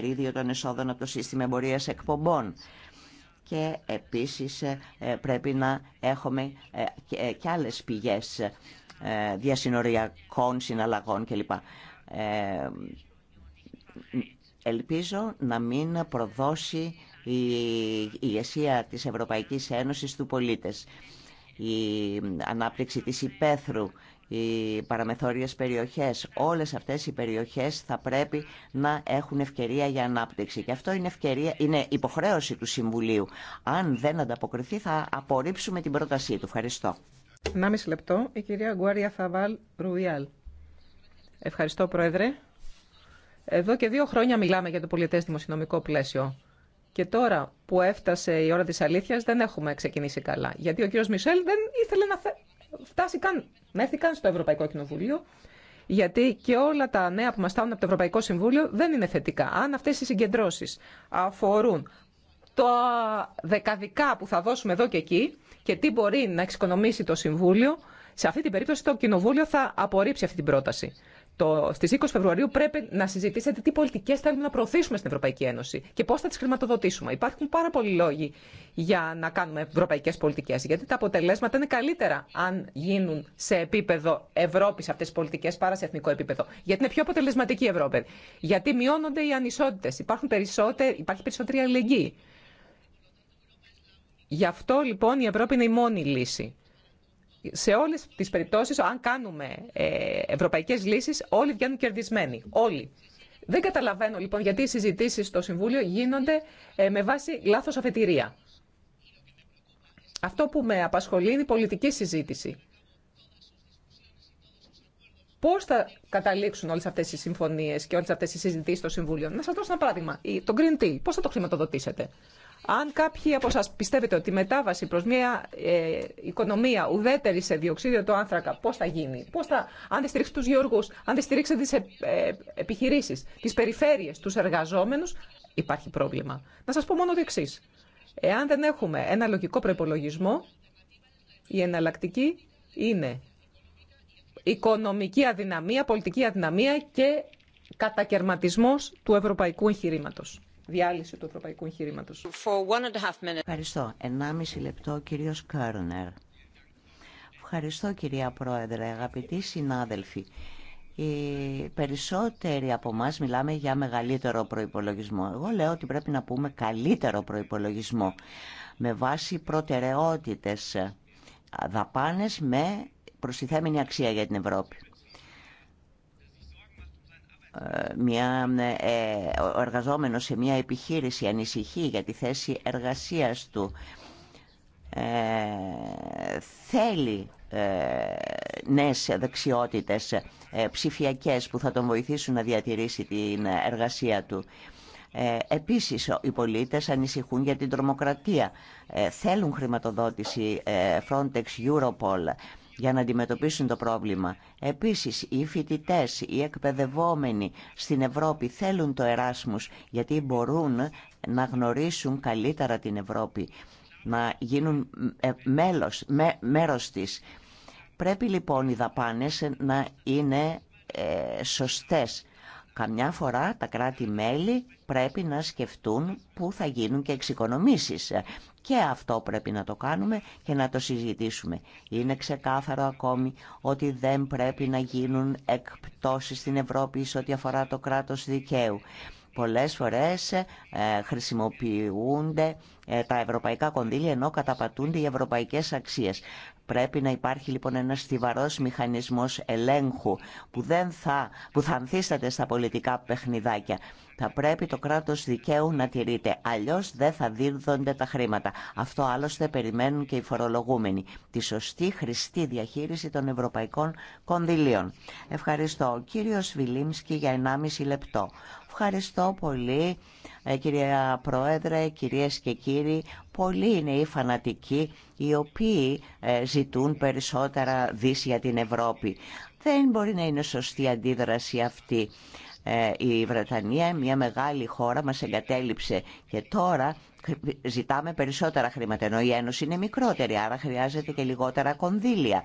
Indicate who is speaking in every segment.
Speaker 1: μερίδιο των εσόδων από το σύστημα εμπορίας εκπομπών. Και επίσης ε, πρέπει να έχουμε ε, ε, και άλλες πηγές διασυνοριακών συναλλαγών κλπ. Ελπίζω να μην προδώσει η ηγεσία της Ευρωπαϊκής Ένωσης του πολίτες. Η ανάπτυξη της υπαίθρου οι παραμεθόριες περιοχές. Όλες αυτές οι περιοχές θα πρέπει να έχουν ευκαιρία για ανάπτυξη. Και αυτό είναι, ευκαιρία, είναι υποχρέωση του Συμβουλίου. Αν δεν ανταποκριθεί θα απορρίψουμε την πρότασή του. Ευχαριστώ.
Speaker 2: 1,5 λεπτό. Η κυρία Γκουάρια Θαβάλ Ρουιάλ. Ευχαριστώ, Πρόεδρε. Εδώ και δύο χρόνια μιλάμε για το πολιτές δημοσιονομικό πλαίσιο. Και τώρα που έφτασε η ώρα της αλήθειας δεν έχουμε ξεκινήσει καλά. Γιατί ο κύριος Μισελ δεν ήθελε να, θε φτάστηκαν, μέθηκαν στο Ευρωπαϊκό Κοινοβούλιο, γιατί και όλα τα νέα που μα φτάνουν από το Ευρωπαϊκό Συμβούλιο δεν είναι θετικά. Αν αυτές οι συγκεντρώσεις αφορούν τα δεκαδικά που θα δώσουμε εδώ και εκεί και τι μπορεί να εξοικονομήσει το Συμβούλιο, σε αυτή την περίπτωση το Κοινοβούλιο θα απορρίψει αυτή την πρόταση το, στις 20 Φεβρουαρίου πρέπει να συζητήσετε τι πολιτικές θέλουμε να προωθήσουμε στην Ευρωπαϊκή Ένωση και πώς θα τις χρηματοδοτήσουμε. Υπάρχουν πάρα πολλοί λόγοι για να κάνουμε ευρωπαϊκές πολιτικές, γιατί τα αποτελέσματα είναι καλύτερα αν γίνουν σε επίπεδο Ευρώπης αυτές τις πολιτικές παρά σε εθνικό επίπεδο. Γιατί είναι πιο αποτελεσματική η Ευρώπη. Γιατί μειώνονται οι ανισότητες, υπάρχουν υπάρχει περισσότερη αλληλεγγύη. Γι' αυτό λοιπόν η Ευρώπη είναι η μόνη λύση σε όλες τις περιπτώσεις, αν κάνουμε ε, ευρωπαϊκές λύσεις, όλοι βγαίνουν κερδισμένοι. Όλοι. Δεν καταλαβαίνω λοιπόν γιατί οι συζητήσεις στο Συμβούλιο γίνονται ε, με βάση λάθος αφετηρία. Αυτό που με απασχολεί είναι η πολιτική συζήτηση. Πώς θα καταλήξουν όλες αυτές οι συμφωνίες και όλες αυτές οι συζητήσεις στο Συμβούλιο. Να σα δώσω ένα παράδειγμα. Το Green Deal, Πώς θα το χρηματοδοτήσετε. Αν κάποιοι από σας πιστεύετε ότι η μετάβαση προς μια ε, οικονομία ουδέτερη σε διοξίδιο το άνθρακα, πώς θα γίνει, πώς θα, αν δεν στηρίξετε τους γεωργούς, αν δεν στηρίξετε τις ε, ε, επιχειρήσεις, τις περιφέρειες, τους εργαζόμενους, υπάρχει πρόβλημα. Να σας πω μόνο το εξή. Εάν δεν έχουμε ένα λογικό προπολογισμό, η εναλλακτική είναι οικονομική αδυναμία, πολιτική αδυναμία και κατακαιρματισμός του ευρωπαϊκού εγχειρήματος διάλυση του ευρωπαϊκού εγχειρήματο. Ευχαριστώ. 1,5 λεπτό,
Speaker 1: κύριο Κέρνερ. Ευχαριστώ, κυρία Πρόεδρε, αγαπητοί συνάδελφοι. Οι περισσότεροι από εμά μιλάμε για μεγαλύτερο προϋπολογισμό. Εγώ λέω ότι πρέπει να πούμε καλύτερο προϋπολογισμό με βάση προτεραιότητες δαπάνες με προστιθέμενη αξία για την Ευρώπη μια, ε, ο εργαζόμενος σε μια επιχείρηση ανησυχεί για τη θέση εργασίας του, ε, θέλει ε, νέες δεξιότητες ε, ψηφιακές που θα τον βοηθήσουν να διατηρήσει την εργασία του. Ε, επίσης, οι πολίτες ανησυχούν για την τρομοκρατία. Ε, θέλουν χρηματοδότηση Frontex, Europol για να αντιμετωπίσουν το πρόβλημα. Επίσης, οι φοιτητέ, οι εκπαιδευόμενοι στην Ευρώπη θέλουν το Εράσμους γιατί μπορούν να γνωρίσουν καλύτερα την Ευρώπη, να γίνουν ε, μέλος, με, μέρος της. Πρέπει λοιπόν οι δαπάνες να είναι ε, σωστές Καμιά φορά τα κράτη-μέλη πρέπει να σκεφτούν πού θα γίνουν και εξοικονομήσεις. Και αυτό πρέπει να το κάνουμε και να το συζητήσουμε. Είναι ξεκάθαρο ακόμη ότι δεν πρέπει να γίνουν εκπτώσεις στην Ευρώπη σε ό,τι αφορά το κράτος δικαίου. Πολλές φορές ε, χρησιμοποιούνται ε, τα ευρωπαϊκά κονδύλια ενώ καταπατούνται οι ευρωπαϊκές αξίες. Πρέπει να υπάρχει λοιπόν ένας στιβαρός μηχανισμός ελέγχου που, δεν θα, που θα ανθίσταται στα πολιτικά παιχνιδάκια. Θα πρέπει το κράτος δικαίου να τηρείται, αλλιώ δεν θα δίδονται τα χρήματα. Αυτό άλλωστε περιμένουν και οι φορολογούμενοι. Τη σωστή χρηστή διαχείριση των ευρωπαϊκών κονδυλίων. Ευχαριστώ. Ο κύριο Βιλίμσκι για 1,5 λεπτό. Ευχαριστώ πολύ ε, κυρία Πρόεδρε, κυρίες και κύριοι. Πολλοί είναι οι φανατικοί οι οποίοι ε, ζητούν περισσότερα δύση για την Ευρώπη. Δεν μπορεί να είναι σωστή αντίδραση αυτή. Ε, η Βρετανία, μια μεγάλη χώρα, μας εγκατέλειψε και τώρα ζητάμε περισσότερα χρήματα, ενώ η Ένωση είναι μικρότερη, άρα χρειάζεται και λιγότερα κονδύλια.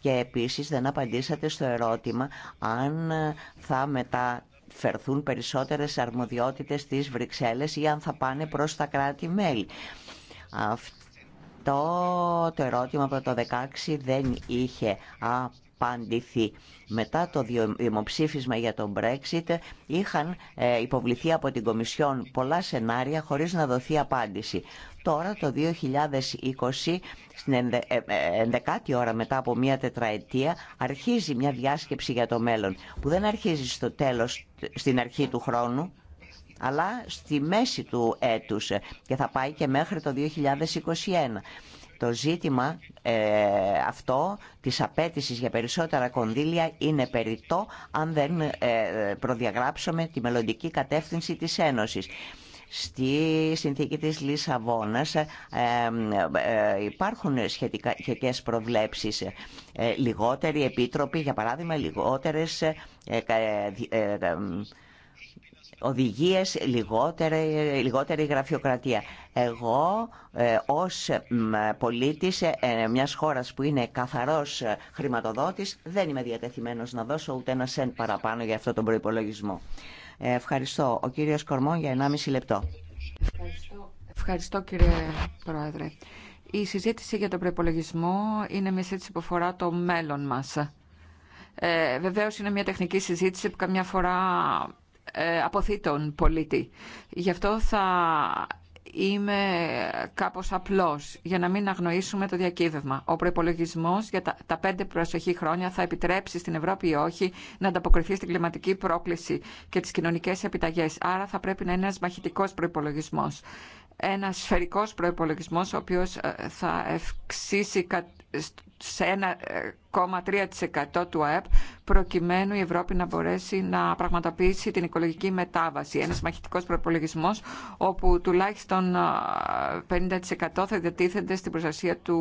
Speaker 1: Και επίσης δεν απαντήσατε στο ερώτημα αν θα μετά φερθούν περισσότερες αρμοδιότητες στις Βρυξέλλες ή αν θα πάνε προς τα κράτη-μέλη. Αυτό το ερώτημα από το 2016 δεν είχε απάντηθη. Μετά το δημοψήφισμα για τον Brexit είχαν ε, υποβληθεί από την Κομισιόν πολλά σενάρια χωρίς να δοθεί απάντηση. Τώρα το 2020, στην ε, ε, ενδεκάτη μετά από μία τετραετία, αρχίζει μια διάσκεψη για το μέλλον, που δεν αρχίζει στο τέλος, στην αρχή του χρόνου, αλλά στη μέση του έτους και θα πάει και μέχρι το 2021. Το ζήτημα ε, αυτό της απέτηση για περισσότερα κονδύλια είναι περιττό αν δεν ε, προδιαγράψουμε τη μελλοντική κατεύθυνση της Ένωσης. Στη συνθήκη της Λισαβόνας ε, υπάρχουν σχετικά, σχετικές προβλέψεις. λιγότεροι επίτροποι, για παράδειγμα, λιγότερες οδηγίες, λιγότερη, λιγότερη γραφειοκρατία. Εγώ ε, ως πολίτης ε, μιας χώρας που είναι καθαρός ε, χρηματοδότης δεν είμαι διατεθειμένος να δώσω ούτε ένα σεν παραπάνω για αυτόν τον προϋπολογισμό. Ε, ευχαριστώ. Ο κύριος Κορμόν για 1,5 λεπτό.
Speaker 3: Ευχαριστώ. Ευχαριστώ κύριε Πρόεδρε. Η συζήτηση για τον προπολογισμό είναι μια συζήτηση που αφορά το μέλλον μας. Ε, βεβαίως είναι μια τεχνική συζήτηση που καμιά φορά ε, αποθεί τον πολίτη. Γι' αυτό θα είμαι κάπως απλός για να μην αγνοήσουμε το διακύβευμα. Ο προπολογισμό για τα, τα πέντε προσοχή χρόνια θα επιτρέψει στην Ευρώπη ή όχι να ανταποκριθεί στην κλιματική πρόκληση και τις κοινωνικές επιταγές. Άρα θα πρέπει να είναι ένας μαχητικός προπολογισμό. Ένας σφαιρικός προπολογισμό ο οποίος ε, θα ευξήσει σε 1,3% ε, του ΑΕΠ προκειμένου η Ευρώπη να μπορέσει να πραγματοποιήσει την οικολογική μετάβαση. Ένας μαχητικός προπολογισμό όπου τουλάχιστον 50% θα διατίθενται στην προστασία του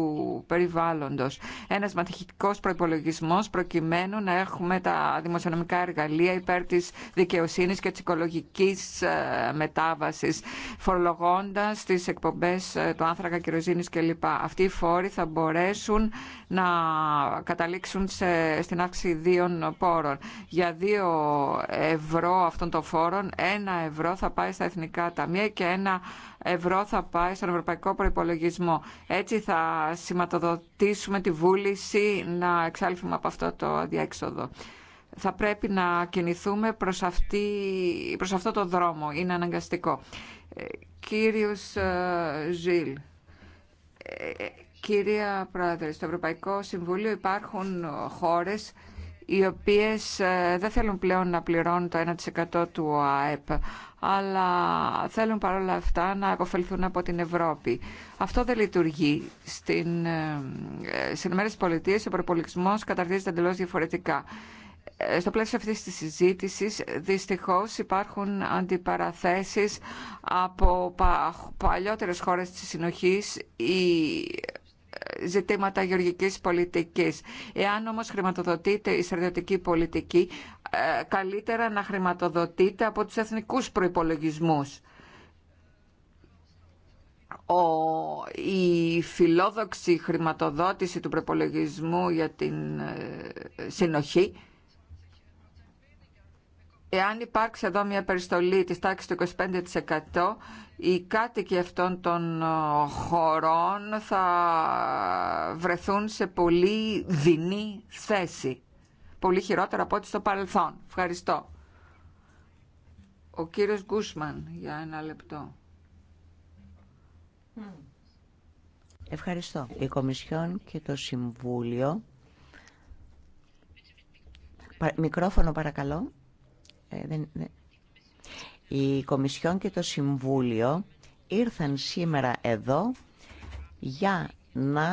Speaker 3: περιβάλλοντος. Ένας μαχητικός προπολογισμό προκειμένου να έχουμε τα δημοσιονομικά εργαλεία υπέρ της δικαιοσύνης και της οικολογικής ε, μετάβασης φορολογώντας τις εκπομπές ε, του άνθρακα κυροζίνη κλπ. Αυτοί οι φόροι θα μπορέσουν να καταλήξουν σε, στην αύξηση δύο πόρων. Για δύο ευρώ αυτών των φόρων, ένα ευρώ θα πάει στα εθνικά ταμεία και ένα ευρώ θα πάει στον ευρωπαϊκό προπολογισμό. Έτσι θα σηματοδοτήσουμε τη βούληση να εξάλθουμε από αυτό το διέξοδο. Θα πρέπει να κινηθούμε προς, αυτή, προς αυτό το δρόμο. Είναι αναγκαστικό. Ε, κύριος ε, Ζιλ, ε, Κυρία Πρόεδρε, στο Ευρωπαϊκό Συμβούλιο υπάρχουν χώρες οι οποίες ε, δεν θέλουν πλέον να πληρώνουν το 1% του ΑΕΠ, αλλά θέλουν παρόλα αυτά να αποφελθούν από την Ευρώπη. Αυτό δεν λειτουργεί. Στην, ε, ε, στις ΗΠΑ ο προπολογισμό καταρτίζεται εντελώ διαφορετικά. Στο πλαίσιο αυτής της συζήτησης δυστυχώς υπάρχουν αντιπαραθέσεις από παλιότερες χώρες της συνοχής ή ζητήματα γεωργικής πολιτικής. Εάν όμως χρηματοδοτείται η στρατιωτική πολιτική, ε, καλύτερα να χρηματοδοτείται από τους εθνικούς προϋπολογισμούς. Ο, η φιλόδοξη χρηματοδότηση του προπολογισμού για την ε, συνοχή Εάν υπάρξει εδώ μια περιστολή της τάξης του 25%, οι κάτοικοι αυτών των ε, χωρών θα βρεθούν σε πολύ δεινή θέση. Πολύ χειρότερα από ό,τι στο παρελθόν. Ευχαριστώ. Ο κύριος Γκούσμαν για ένα λεπτό. Ευχαριστώ.
Speaker 1: Η Κομισιόν και το Συμβούλιο. Μικρόφωνο παρακαλώ. Ε, δεν, η Κομισιόν και το Συμβούλιο ήρθαν σήμερα εδώ για να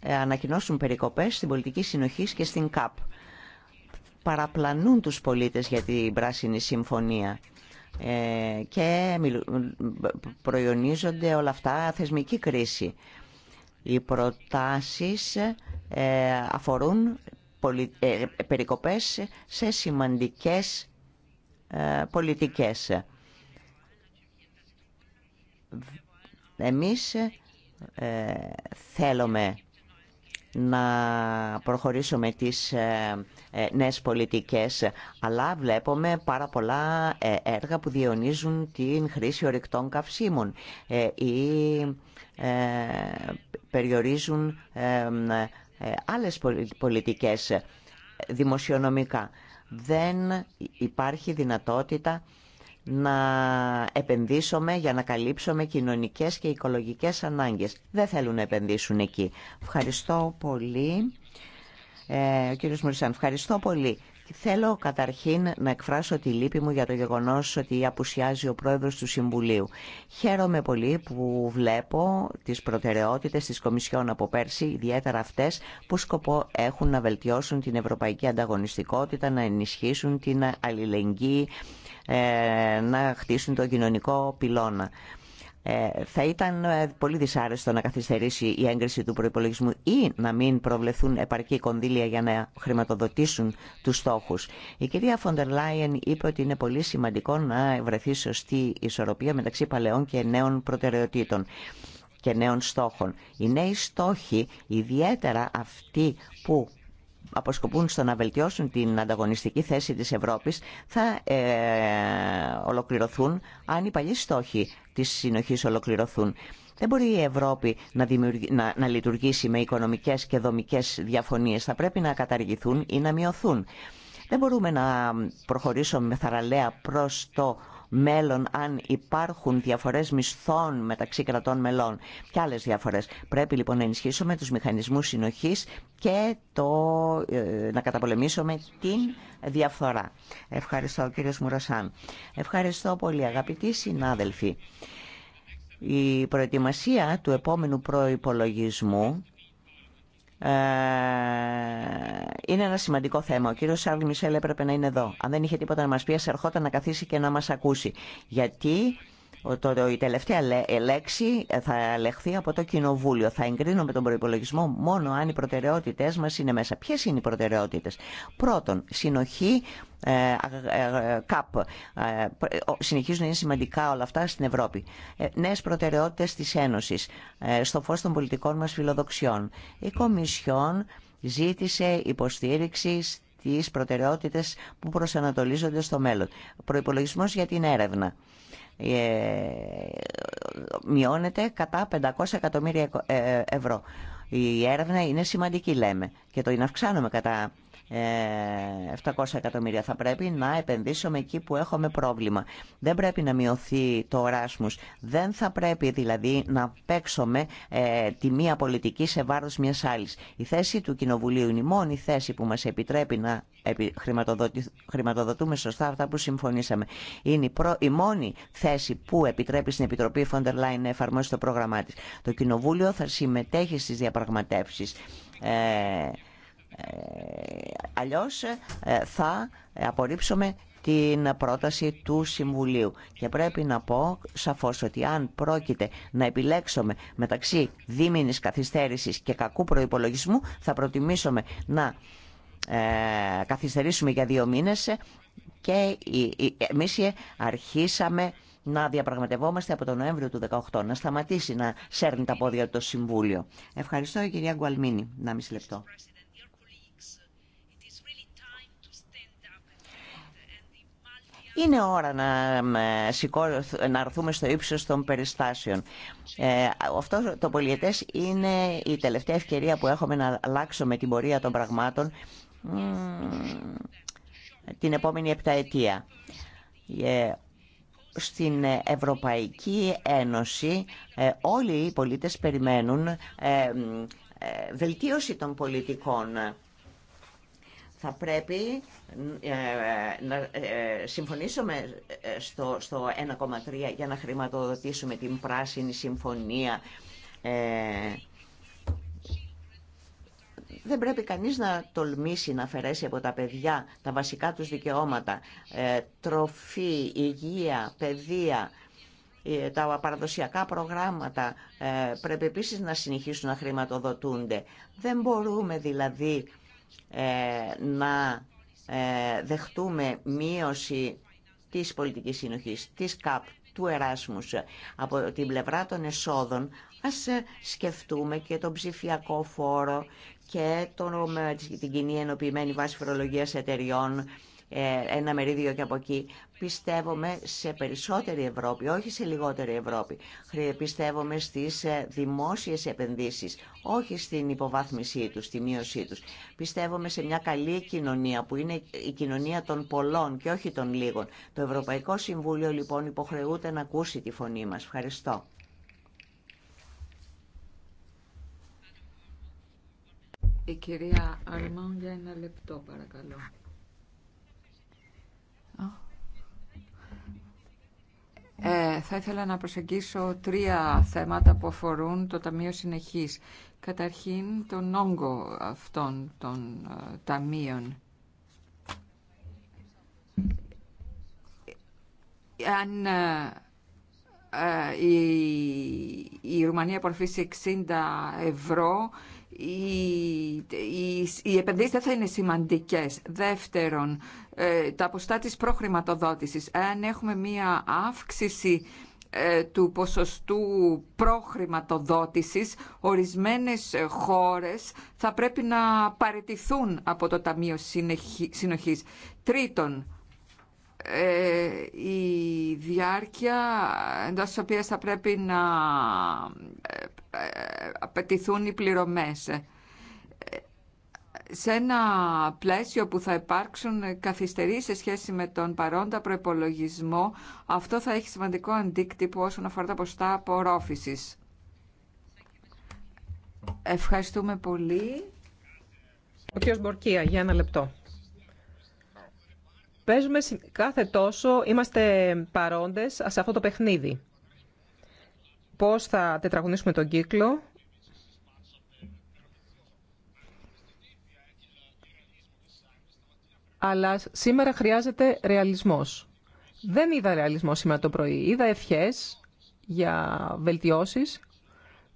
Speaker 1: ε, ανακοινώσουν περικοπές στην πολιτική συνοχή και στην ΚΑΠ. Παραπλανούν τους πολίτες για την Πράσινη Συμφωνία ε, και προϊονίζονται όλα αυτά θεσμική κρίση. Οι προτάσεις αφορούν περικοπές σε σημαντικές ε, πολιτικές. Εμείς ε, θέλουμε να προχωρήσουμε τις ε, νέες πολιτικές, αλλά βλέπουμε πάρα πολλά έργα που διαιωνίζουν την χρήση ορυκτών καυσίμων ή περιορίζουν άλλες πολιτικές δημοσιονομικά δεν υπάρχει δυνατότητα να επενδύσουμε για να καλύψουμε κοινωνικές και οικολογικές ανάγκες. Δεν θέλουν να επενδύσουν εκεί. Ευχαριστώ πολύ. Ε, ο κύριος Μουρισάν, ευχαριστώ πολύ. Θέλω καταρχήν να εκφράσω τη λύπη μου για το γεγονός ότι απουσιάζει ο πρόεδρος του Συμβουλίου. Χαίρομαι πολύ που βλέπω τις προτεραιότητες της Κομισιόν από πέρσι, ιδιαίτερα αυτές που σκοπό έχουν να βελτιώσουν την ευρωπαϊκή ανταγωνιστικότητα, να ενισχύσουν την αλληλεγγύη, ε, να χτίσουν το κοινωνικό πυλώνα. Ε, θα ήταν ε, πολύ δυσάρεστο να καθυστερήσει η έγκριση του προπολογισμού ή να μην προβλεφθούν επαρκή κονδύλια για να χρηματοδοτήσουν του στόχους. Η κυρία Φοντερ Λάιεν είπε ότι είναι πολύ σημαντικό να βρεθεί σωστή ισορροπία μεταξύ παλαιών και νέων προτεραιοτήτων και νέων στόχων. Οι νέοι στόχοι, ιδιαίτερα αυτοί που αποσκοπούν στο να βελτιώσουν την ανταγωνιστική θέση της Ευρώπης θα ε, ολοκληρωθούν αν οι παλιοί στόχοι της συνοχής ολοκληρωθούν. Δεν μπορεί η Ευρώπη να, να, να λειτουργήσει με οικονομικές και δομικές διαφωνίες. Θα πρέπει να καταργηθούν ή να μειωθούν. Δεν μπορούμε να προχωρήσουμε με θαραλέα προς το μέλλον αν υπάρχουν διαφορές μισθών μεταξύ κρατών μελών και άλλες διαφορές. Πρέπει λοιπόν να ενισχύσουμε τους μηχανισμούς συνοχής και το, ε, να καταπολεμήσουμε την διαφθορά. Ευχαριστώ κύριε Μουρασάν. Ευχαριστώ πολύ αγαπητοί συνάδελφοι. Η προετοιμασία του επόμενου προϋπολογισμού ε, είναι ένα σημαντικό θέμα. Ο κύριο Σάρλ Μισελ έπρεπε να είναι εδώ. Αν δεν είχε τίποτα να μα πει, ας ερχόταν να καθίσει και να μα ακούσει. Γιατί η τελευταία ε, λέξη θα ελεγχθεί από το Κοινοβούλιο. Θα εγκρίνουμε τον προπολογισμό μόνο αν οι προτεραιότητέ μα είναι μέσα. Ποιε είναι οι προτεραιότητε, Πρώτον, συνοχή ε, ε, ΚΑΠ. Συνεχίζουν να είναι σημαντικά όλα αυτά στην Ευρώπη. Νέε προτεραιότητε τη Ένωση στο φω των πολιτικών μα φιλοδοξιών. Η Κομισιόν ζήτησε υποστήριξη τις προτεραιότητες που προσανατολίζονται στο μέλλον. Προϋπολογισμός για την έρευνα. Ε, μειώνεται κατά 500 εκατομμύρια ε, ευρώ. Η έρευνα είναι σημαντική λέμε και το είναι αυξάνουμε κατά 700 ε, εκατομμύρια. Θα πρέπει να επενδύσουμε εκεί που έχουμε πρόβλημα. Δεν πρέπει να μειωθεί το οράσμος. Δεν θα πρέπει δηλαδή να παίξουμε τη μία πολιτική σε βάρος μιας άλλης. Η θέση του Κοινοβουλίου είναι η μόνη θέση που μας επιτρέπει να χρηματοδοτούμε σωστά αυτά που συμφωνήσαμε. Είναι η, προ... η μόνη θέση που επιτρέπει στην Επιτροπή Φόντερ Λάιν να εφαρμόσει το πρόγραμμά της. Το Κοινοβούλιο θα συμμετέχει στι διαπραγματεύσεις. Ε, ε, αλλιώς ε, θα απορρίψουμε την πρόταση του Συμβουλίου. Και πρέπει να πω σαφώς ότι αν πρόκειται να επιλέξουμε μεταξύ δίμηνης καθυστέρησης και κακού προϋπολογισμού, θα προτιμήσουμε να ε, καθυστερήσουμε για δύο μήνες και εμείς ε, αρχίσαμε να διαπραγματευόμαστε από τον Νοέμβριο του 2018, να σταματήσει να σέρνει τα πόδια το Συμβούλιο. Ευχαριστώ, κυρία Γκουαλμίνη. Να μισή λεπτό. Είναι ώρα να, ε, να αρθούμε στο ύψος των περιστάσεων. αυτό το πολιετές είναι η τελευταία ευκαιρία που έχουμε να αλλάξουμε την πορεία των πραγμάτων την επόμενη επταετία. Ε, στην Ευρωπαϊκή Ένωση ε, όλοι οι πολίτες περιμένουν ε, βελτίωση των πολιτικών. Θα πρέπει να συμφωνήσουμε στο, στο 1,3 για να χρηματοδοτήσουμε την πράσινη συμφωνία δεν πρέπει κανείς να τολμήσει να αφαιρέσει από τα παιδιά τα βασικά τους δικαιώματα, ε, τροφή, υγεία, παιδεία, ε, τα παραδοσιακά προγράμματα ε, πρέπει επίσης να συνεχίσουν να χρηματοδοτούνται. Δεν μπορούμε δηλαδή να δεχτούμε μείωση της πολιτικής συνοχής, της ΚΑΠ, του Εράσμους. Από την πλευρά των εσόδων ας σκεφτούμε και τον ψηφιακό φόρο και ε, την κοινή ενοποιημένη βάση φορολογία εταιριών, ε, ένα μερίδιο και από εκεί. Πιστεύουμε σε περισσότερη Ευρώπη, όχι σε λιγότερη Ευρώπη. Πιστεύουμε στις ε, δημόσιε επενδύσει, όχι στην υποβάθμισή του, στη μείωσή του. Πιστεύουμε σε μια καλή κοινωνία που είναι η κοινωνία των πολλών και όχι των λίγων. Το Ευρωπαϊκό Συμβούλιο λοιπόν υποχρεούται να ακούσει τη φωνή μα. Ευχαριστώ.
Speaker 3: Η κυρία Αρμόν για ένα λεπτό παρακαλώ. Ε, θα ήθελα να προσεγγίσω τρία θέματα που αφορούν το Ταμείο Συνεχής. Καταρχήν τον όγκο αυτών των ε, ταμείων. Αν ε, η, η Ρουμανία απορροφήσει 60 ευρώ, οι επενδύσεις δεν θα είναι σημαντικές. Δεύτερον, ε, τα ποστά της προχρηματοδότησης. Αν έχουμε μία αύξηση ε, του ποσοστού προχρηματοδότησης, ορισμένες χώρες θα πρέπει να παρετηθούν από το Ταμείο Συνοχής. Τρίτον, ε, η διάρκεια εντός της οποίας θα πρέπει να ε, ε, απαιτηθούν οι πληρωμές σε ένα πλαίσιο που θα υπάρξουν καθυστερήσεις σε σχέση με τον παρόντα προπολογισμό, αυτό θα έχει σημαντικό αντίκτυπο όσον αφορά τα ποστά απορρόφησης. Ευχαριστούμε πολύ. Ο κ. Μπορκία, για ένα λεπτό.
Speaker 2: Παίζουμε κάθε τόσο, είμαστε παρόντες σε αυτό το παιχνίδι. Πώς θα τετραγωνίσουμε τον κύκλο. Αλλά σήμερα χρειάζεται ρεαλισμός. Δεν είδα ρεαλισμό σήμερα το πρωί. Είδα ευχές για βελτιώσεις.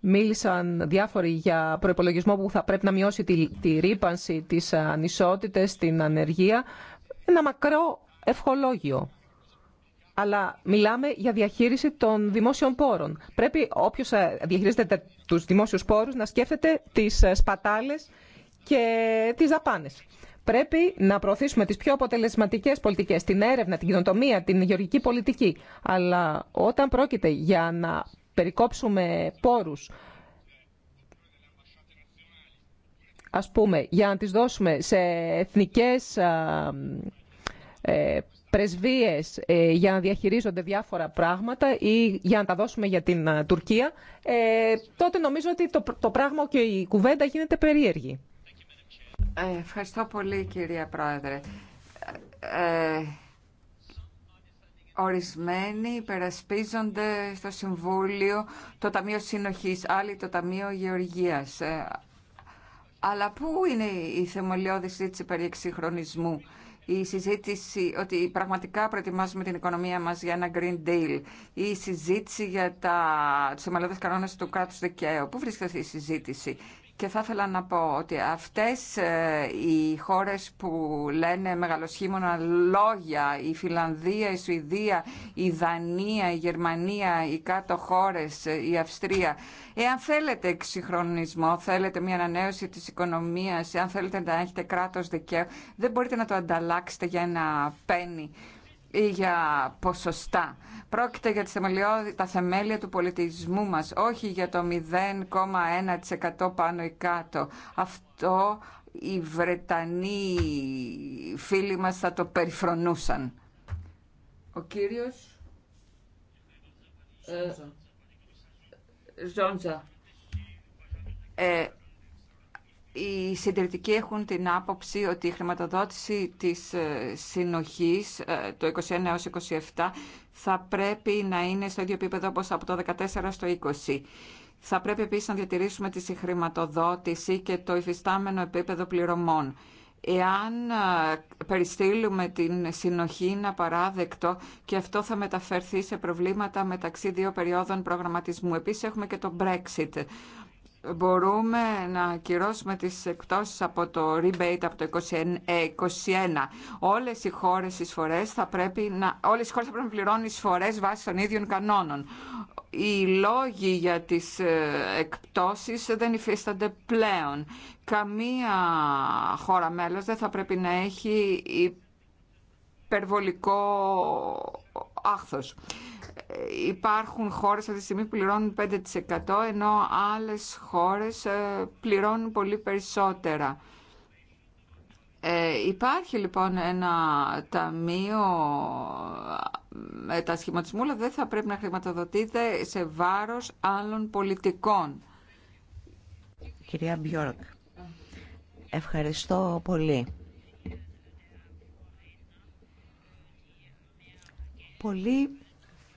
Speaker 2: Μίλησαν διάφοροι για προπολογισμό που θα πρέπει να μειώσει τη, τη ρήπανση, τις ανισότητες, την ανεργία ένα μακρό ευχολόγιο. Αλλά μιλάμε για διαχείριση των δημόσιων πόρων. Πρέπει όποιος ε, διαχειρίζεται τους δημόσιους πόρους να σκέφτεται τις ε, σπατάλες και τις δαπάνε. Πρέπει να προωθήσουμε τις πιο αποτελεσματικές πολιτικές, την έρευνα, την κοινοτομία, την γεωργική πολιτική. Αλλά όταν πρόκειται για να περικόψουμε πόρους ας πούμε, για να τις δώσουμε σε εθνικές ε, πρεσβείες ε, για να διαχειρίζονται διάφορα πράγματα ή για να τα δώσουμε για την Τουρκία, ε, τότε νομίζω ότι το πράγμα και η κουβέντα γίνεται περίεργη.
Speaker 3: Ε, ευχαριστώ πολύ κυρία Πρόεδρε. ορισμένοι υπερασπίζονται στο Συμβούλιο το Ταμείο Συνοχής, άλλοι το Ταμείο Γεωργίας. Αλλά πού είναι η θεμελιώδη συζήτηση περί εξυγχρονισμού, η συζήτηση ότι πραγματικά προετοιμάζουμε την οικονομία μας για ένα Green Deal, η συζήτηση για τα, τους θεμελιώδες κανόνες του κράτους δικαίου. Πού βρίσκεται η συζήτηση. Και θα ήθελα να πω ότι αυτές ε, οι χώρες που λένε μεγαλοσχήμωνα λόγια, η Φιλανδία, η Σουηδία, η Δανία, η Γερμανία, οι κάτω χώρες, ε, η Αυστρία, εάν θέλετε εξυγχρονισμό, θέλετε μια ανανέωση της οικονομίας, εάν θέλετε να έχετε κράτος δικαίου, δεν μπορείτε να το ανταλλάξετε για ένα πένι ή για ποσοστά. Πρόκειται για τα θεμέλια του πολιτισμού μας, όχι για το 0,1% πάνω ή κάτω. Αυτό οι Βρετανοί φίλοι μας θα το περιφρονούσαν. Ο κύριος... Ε, οι συντηρητικοί έχουν την άποψη ότι η χρηματοδότηση της ε, συνοχής ε, το 21 έως 27 θα πρέπει να είναι στο ίδιο επίπεδο όπως από το 14 στο 20. Θα πρέπει επίσης να διατηρήσουμε τη συγχρηματοδότηση και το υφιστάμενο επίπεδο πληρωμών. Εάν ε, περιστήλουμε την συνοχή είναι απαράδεκτο και αυτό θα μεταφερθεί σε προβλήματα μεταξύ δύο περιόδων προγραμματισμού. Επίσης έχουμε και το Brexit μπορούμε να ακυρώσουμε τις εκπτώσεις από το rebate από το 2021. Ε, όλες οι χώρες εισφορές θα πρέπει να, όλες οι χώρες θα πρέπει να πληρώνουν εισφορές βάσει των ίδιων κανόνων. Οι λόγοι για τις ε, εκπτώσεις δεν υφίστανται πλέον. Καμία χώρα μέλος δεν θα πρέπει να έχει υπερβολικό άχθος υπάρχουν χώρες αυτή τη στιγμή που πληρώνουν 5% ενώ άλλες χώρες ε, πληρώνουν πολύ περισσότερα. Ε, υπάρχει λοιπόν ένα ταμείο ε, μετασχηματισμού, αλλά δεν θα πρέπει να χρηματοδοτείται σε βάρος άλλων πολιτικών. Κυρία
Speaker 1: Μπιόρκ, ευχαριστώ πολύ. Πολύ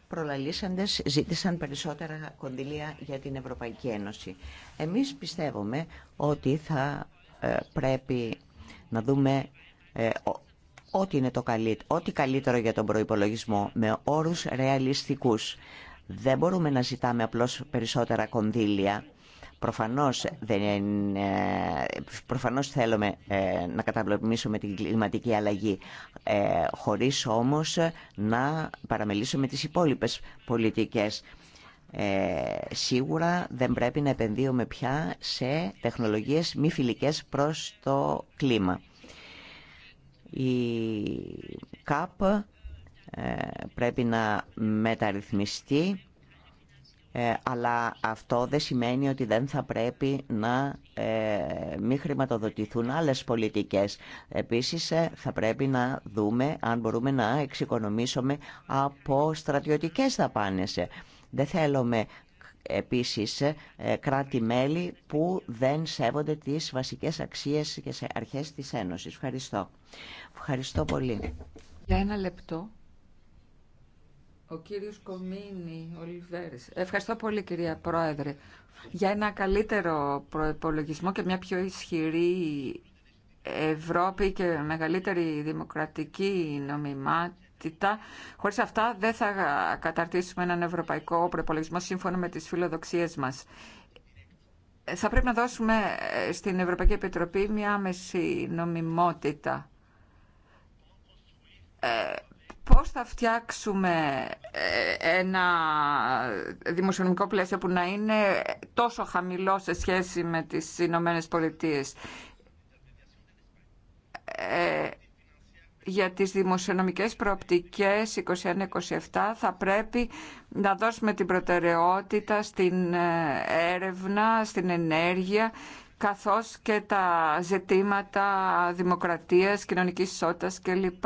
Speaker 1: προλαλήσαντες ζήτησαν περισσότερα κονδυλία για την Ευρωπαϊκή Ένωση. Εμείς πιστεύουμε ότι θα ε, πρέπει να δούμε ε, ό,τι είναι το καλύτερο, καλύτερο για τον προϋπολογισμό με όρους ρεαλιστικούς. Δεν μπορούμε να ζητάμε απλώς περισσότερα κονδύλια Προφανώς, δεν, προφανώς θέλουμε ε, να καταπλημίσουμε την κλιματική αλλαγή, ε, χωρίς όμως να παραμελήσουμε τις υπόλοιπες πολιτικές. Ε, σίγουρα δεν πρέπει να επενδύουμε πια σε τεχνολογίες μη φιλικές προς το κλίμα. Η ΚΑΠ πρέπει να μεταρρυθμιστεί ε, αλλά αυτό δεν σημαίνει ότι δεν θα πρέπει να ε, μη χρηματοδοτηθούν άλλες πολιτικές. Επίσης ε, θα πρέπει να δούμε αν μπορούμε να εξοικονομήσουμε από στρατιωτικές δαπάνες. Δεν θέλουμε επίσης κράτη-μέλη που δεν σέβονται τις βασικές αξίες και αρχές της Ένωσης. Ευχαριστώ. Ευχαριστώ πολύ.
Speaker 3: Για ένα λεπτό. Ο κύριος Κομίνη Ολιβέρης. Ευχαριστώ πολύ κυρία Πρόεδρε. Για ένα καλύτερο προπολογισμό και μια πιο ισχυρή Ευρώπη και μεγαλύτερη δημοκρατική νομιμότητα. Χωρίς αυτά δεν θα καταρτήσουμε έναν ευρωπαϊκό προπολογισμό σύμφωνα με τις φιλοδοξίες μας. Θα πρέπει να δώσουμε στην Ευρωπαϊκή Επιτροπή μια άμεση νομιμότητα. Ε, πώς θα φτιάξουμε ε, ένα δημοσιονομικό πλαίσιο που να είναι τόσο χαμηλό σε σχέση με τις Ηνωμένε Πολιτείε. Ε, για τις δημοσιονομικές προοπτικές 21-27 θα πρέπει να δώσουμε την προτεραιότητα στην ε, έρευνα, στην ενέργεια καθώς και τα ζητήματα δημοκρατίας, κοινωνικής ισότητας κλπ.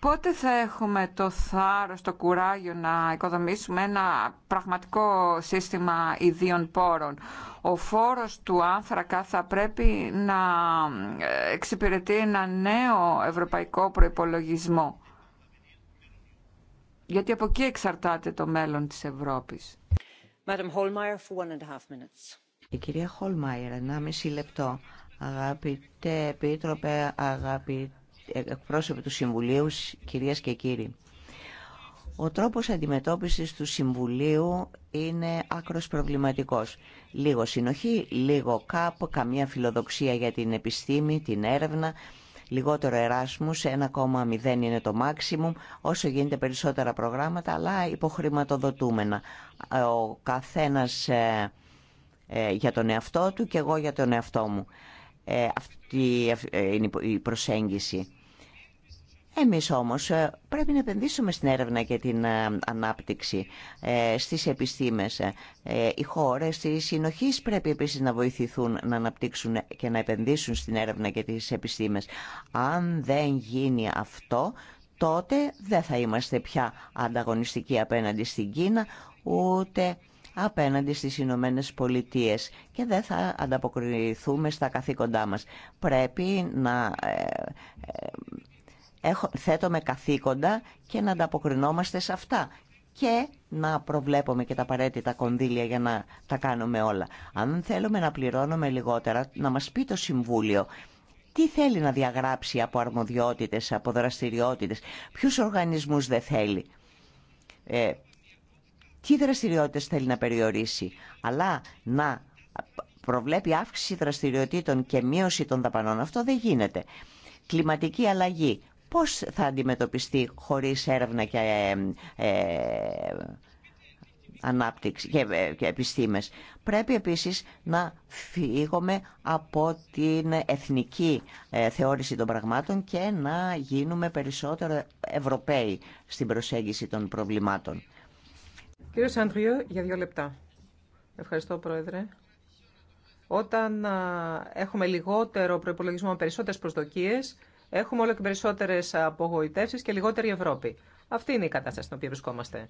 Speaker 3: Πότε θα έχουμε το θάρρος, το κουράγιο να οικοδομήσουμε ένα πραγματικό σύστημα ιδίων πόρων. Ο φόρος του άνθρακα θα πρέπει να εξυπηρετεί ένα νέο ευρωπαϊκό προϋπολογισμό. Γιατί από εκεί εξαρτάται το μέλλον της Ευρώπης. Η κυρία Χολμάιρ, 1,5
Speaker 1: λεπτό. Αγαπητέ Επίτροπε, αγαπητέ εκπρόσωποι του Συμβουλίου, κυρίες και κύριοι. Ο τρόπος αντιμετώπισης του Συμβουλίου είναι άκρος προβληματικός. Λίγο συνοχή, λίγο κάπ, καμία φιλοδοξία για την επιστήμη, την έρευνα, λιγότερο Εράσμους, 1,0 είναι το μάξιμουμ, όσο γίνεται περισσότερα προγράμματα, αλλά υποχρηματοδοτούμενα. Ο καθένας ε, ε, για τον εαυτό του και εγώ για τον εαυτό μου. Ε, αυτή είναι η προσέγγιση. Εμείς όμως ε, πρέπει να επενδύσουμε στην έρευνα και την ε, ανάπτυξη ε, στις επιστήμες. Οι χώρες τη συνοχή πρέπει επίσης να βοηθηθούν να αναπτύξουν και να επενδύσουν στην έρευνα και τις επιστήμες. Αν δεν γίνει αυτό, τότε δεν θα είμαστε πια ανταγωνιστικοί απέναντι στην Κίνα, ούτε απέναντι στις Ηνωμένε Πολιτείε και δεν θα ανταποκριθούμε στα καθήκοντά μας. Πρέπει να έχω, θέτουμε καθήκοντα και να ανταποκρινόμαστε σε αυτά και να προβλέπουμε και τα απαραίτητα κονδύλια για να τα κάνουμε όλα. Αν θέλουμε να πληρώνουμε λιγότερα, να μας πει το Συμβούλιο τι θέλει να διαγράψει από αρμοδιότητες, από δραστηριότητες, ποιους οργανισμούς δεν θέλει, ε, τι δραστηριότητες θέλει να περιορίσει, αλλά να προβλέπει αύξηση δραστηριοτήτων και μείωση των δαπανών. Αυτό δεν γίνεται. Κλιματική αλλαγή πώς θα αντιμετωπιστεί χωρίς έρευνα και ε, ε ανάπτυξη ε, και, επιστήμες. Πρέπει επίσης να φύγουμε από την εθνική ε, θεώρηση των πραγμάτων και να γίνουμε περισσότερο Ευρωπαίοι στην προσέγγιση των προβλημάτων.
Speaker 2: Κύριε Σαντριό, για δύο λεπτά. Ευχαριστώ, Πρόεδρε. Όταν έχουμε λιγότερο προπολογισμό με περισσότερες προσδοκίες, Έχουμε όλο και περισσότερε απογοητεύσει και λιγότερη Ευρώπη. Αυτή είναι η κατάσταση στην οποία βρισκόμαστε.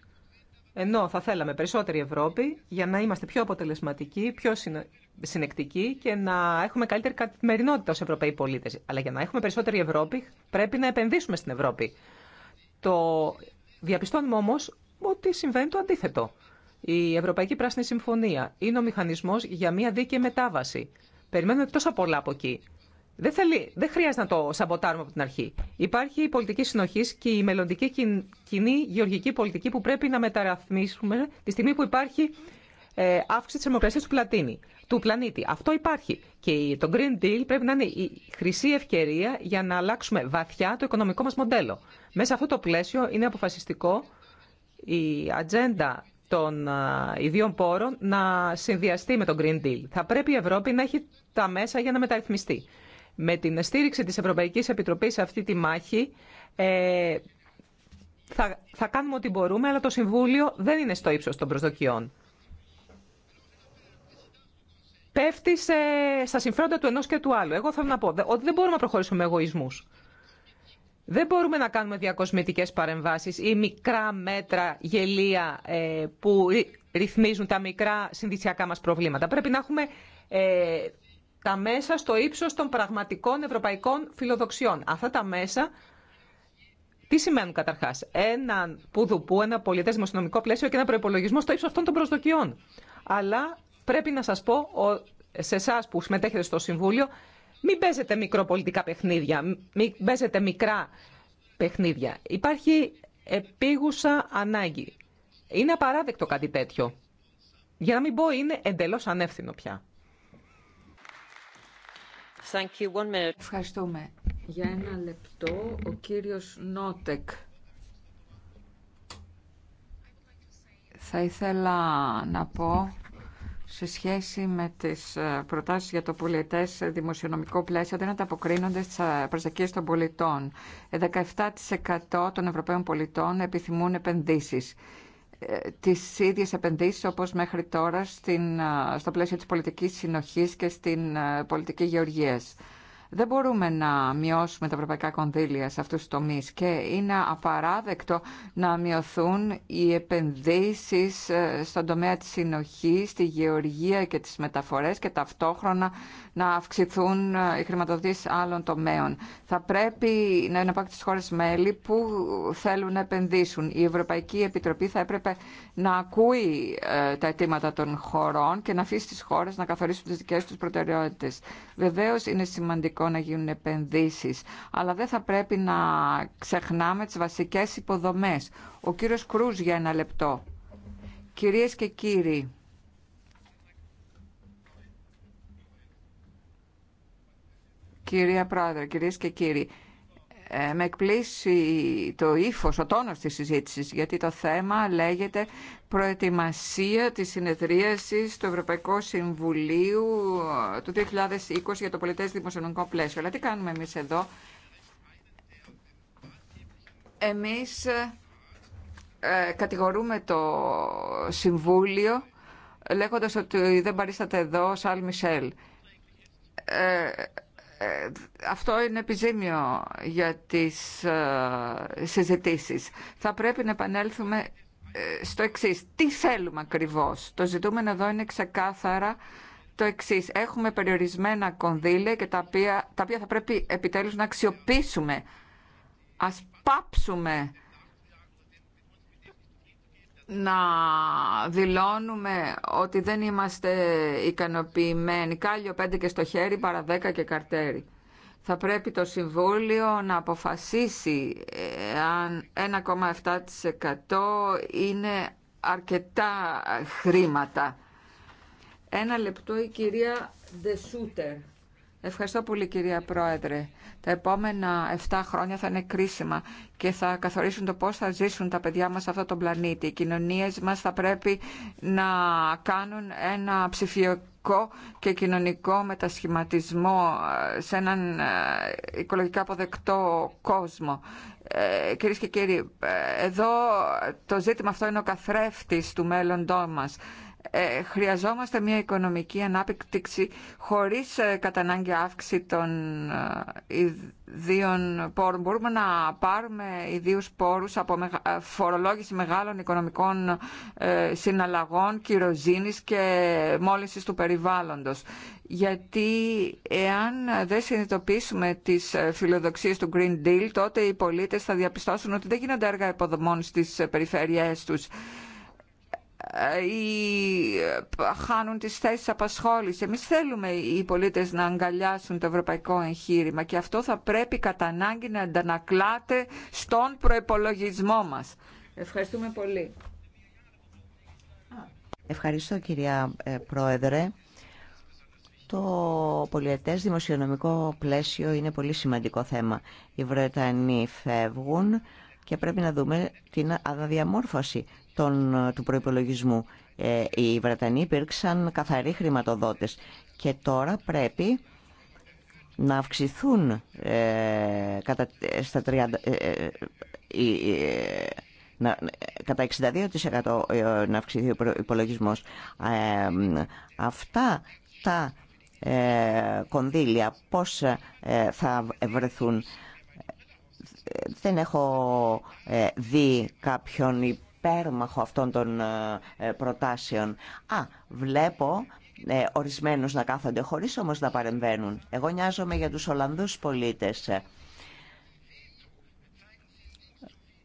Speaker 2: Ενώ θα θέλαμε περισσότερη Ευρώπη για να είμαστε πιο αποτελεσματικοί, πιο συνεκτικοί και να έχουμε καλύτερη καθημερινότητα ω Ευρωπαίοι πολίτε. Αλλά για να έχουμε περισσότερη Ευρώπη πρέπει να επενδύσουμε στην Ευρώπη. Το διαπιστώνουμε όμω ότι συμβαίνει το αντίθετο. Η Ευρωπαϊκή Πράσινη Συμφωνία είναι ο μηχανισμό για μια δίκαιη μετάβαση. Περιμένουμε τόσα πολλά από εκεί. Δεν, θέλει, δεν χρειάζεται να το σαμποτάρουμε από την αρχή. Υπάρχει η πολιτική συνοχή και η μελλοντική κοινή γεωργική πολιτική που πρέπει να μεταρρυθμίσουμε τη στιγμή που υπάρχει ε, αύξηση τη θερμοκρασία του, του πλανήτη. Αυτό υπάρχει. Και το Green Deal πρέπει να είναι η χρυσή ευκαιρία για να αλλάξουμε βαθιά το οικονομικό μα μοντέλο. Μέσα σε αυτό το πλαίσιο είναι αποφασιστικό η ατζέντα των ε, ιδίων πόρων να συνδυαστεί με το Green Deal. Θα πρέπει η Ευρώπη να έχει τα μέσα για να μεταρρυθμιστεί. Με την στήριξη της Ευρωπαϊκής Επιτροπής σε αυτή τη μάχη ε, θα, θα κάνουμε ό,τι μπορούμε, αλλά το Συμβούλιο δεν είναι στο ύψος των προσδοκιών. Πέφτει σε, στα συμφέροντα του ενός και του άλλου. Εγώ θέλω να πω ότι δεν μπορούμε να προχωρήσουμε με εγωισμούς. Δεν μπορούμε να κάνουμε διακοσμητικές παρεμβάσεις ή μικρά μέτρα γελία ε, που ρυθμίζουν τα μικρά συνδυσιακά μας προβλήματα. Πρέπει να έχουμε ε, τα μέσα στο ύψος των πραγματικών ευρωπαϊκών φιλοδοξιών. Αυτά τα μέσα τι σημαίνουν καταρχάς. Ένα πουδουπού, ένα πολιτέ δημοσιονομικό πλαίσιο και ένα προπολογισμό στο ύψο αυτών των προσδοκιών. Αλλά πρέπει να σας πω, σε εσά που συμμετέχετε στο Συμβούλιο, μην παίζετε μικροπολιτικά παιχνίδια, μην παίζετε μικρά παιχνίδια. Υπάρχει επίγουσα ανάγκη. Είναι απαράδεκτο κάτι τέτοιο. Για να μην πω είναι εντελώ ανεύθυνο πια.
Speaker 3: Ευχαριστούμε. Για ένα λεπτό, ο κύριος Νότεκ. Θα ήθελα να πω σε σχέση με τις ε, προτάσεις για το πολιτές δημοσιονομικό πλαίσιο δεν ανταποκρίνονται στι ε, προσδοκίες των πολιτών. 17% ε, των Ευρωπαίων πολιτών επιθυμούν επενδύσεις. Ε, τις ίδιες επενδύσεις όπως μέχρι τώρα στην, ε, στο πλαίσιο της πολιτικής συνοχής και στην ε, πολιτική γεωργίας. Δεν μπορούμε να μειώσουμε τα ευρωπαϊκά κονδύλια σε αυτούς τους τομείς και είναι απαράδεκτο να μειωθούν οι επενδύσεις ε, στον τομέα της συνοχής, στη γεωργία και τις μεταφορές και ταυτόχρονα να αυξηθούν ε, οι χρηματοδοτήσεις άλλων τομέων. Θα πρέπει να είναι από τις χώρες μέλη που θέλουν να επενδύσουν. Η Ευρωπαϊκή Επιτροπή θα έπρεπε να ακούει ε, τα αιτήματα των χωρών και να αφήσει τις χώρες να καθορίσουν τις δικές τους προτεραιότητες. Βεβαίως είναι σημαντικό σημαντικό να γίνουν επενδύσεις, αλλά δεν θα πρέπει να ξεχνάμε τις βασικές υποδομές. Ο κύριος Κρούς για ένα λεπτό. Κυρίες και κύριοι, κυρία Πρόεδρε, κυρίες και κύριοι, ε, με εκπλήσει το ύφος, ο τόνος της συζήτησης, γιατί το θέμα λέγεται προετοιμασία της συνεδρίασης του Ευρωπαϊκού Συμβουλίου ε, του 2020 για το πολιτές δημοσιονομικό πλαίσιο. Αλλά τι κάνουμε εμείς εδώ. Εμείς ε, ε κατηγορούμε το Συμβούλιο λέγοντας ότι δεν παρίσταται εδώ ο Σαλ Μισελ. Ε, ε, αυτό είναι επιζήμιο για τις ε, συζητήσεις. Θα πρέπει να επανέλθουμε ε, στο εξή. Τι θέλουμε ακριβώς. Το ζητούμενο εδώ είναι ξεκάθαρα το εξή. Έχουμε περιορισμένα κονδύλια και τα οποία, τα οποία θα πρέπει επιτέλους να αξιοποιήσουμε. Ας πάψουμε να δηλώνουμε ότι δεν είμαστε ικανοποιημένοι. Κάλιο 5 και στο χέρι, παρά 10 και καρτέρι. Θα πρέπει το Συμβούλιο να αποφασίσει ε, αν 1,7% είναι αρκετά χρήματα. Ένα λεπτό η κυρία Δεσούτερ. Ευχαριστώ πολύ κυρία Πρόεδρε. Τα επόμενα 7 χρόνια θα είναι κρίσιμα και θα καθορίσουν το πώς θα ζήσουν τα παιδιά μας σε αυτόν τον πλανήτη. Οι κοινωνίες μας θα πρέπει να κάνουν ένα ψηφιακό και κοινωνικό μετασχηματισμό ε, σε έναν ε, οικολογικά αποδεκτό κόσμο. Ε, και κύριοι, ε, εδώ το ζήτημα αυτό είναι ο καθρέφτης του μέλλοντό μας. Ε, χρειαζόμαστε μια οικονομική ανάπτυξη χωρίς ε, κατά ανάγκη αύξηση των ε, ιδίων πόρων. Μπορούμε να πάρουμε ιδίου πόρους από φορολόγηση μεγάλων οικονομικών συναλλαγών, κυροζήνης και μόλυνσης του περιβάλλοντος. Γιατί εάν δεν συνειδητοποιήσουμε τις φιλοδοξίες του Green Deal, τότε οι πολίτες θα διαπιστώσουν ότι δεν γίνονται έργα υποδομών στις περιφέρειές τους ή ε, ε, χάνουν τις θέσεις απασχόλησης. Εμείς θέλουμε οι πολίτες να αγκαλιάσουν το ευρωπαϊκό εγχείρημα και αυτό θα πρέπει κατά ανάγκη να αντανακλάται στον προϋπολογισμό μας. Ευχαριστούμε πολύ.
Speaker 1: Ευχαριστώ κυρία ε, Πρόεδρε. Το πολιετές δημοσιονομικό πλαίσιο είναι πολύ σημαντικό θέμα. Οι Βρετανοί φεύγουν και πρέπει να δούμε την αναδιαμόρφωση των, του προϋπολογισμού. Ε, οι Βρετανοί υπήρξαν καθαροί χρηματοδότες και τώρα πρέπει να αυξηθούν ε, κατά, ε, στα 30, ε, ε, να, κατά 62% να αυξηθεί ο υπολογισμός. αυτά τα κονδύλια πώς θα βρεθούν. Δεν έχω δει κάποιον Πέρμαχο αυτών των ε, ε, προτάσεων. Α, βλέπω ε, ορισμένους να κάθονται χωρίς όμως να παρεμβαίνουν. Εγώ νοιάζομαι για τους Ολλανδούς πολίτες.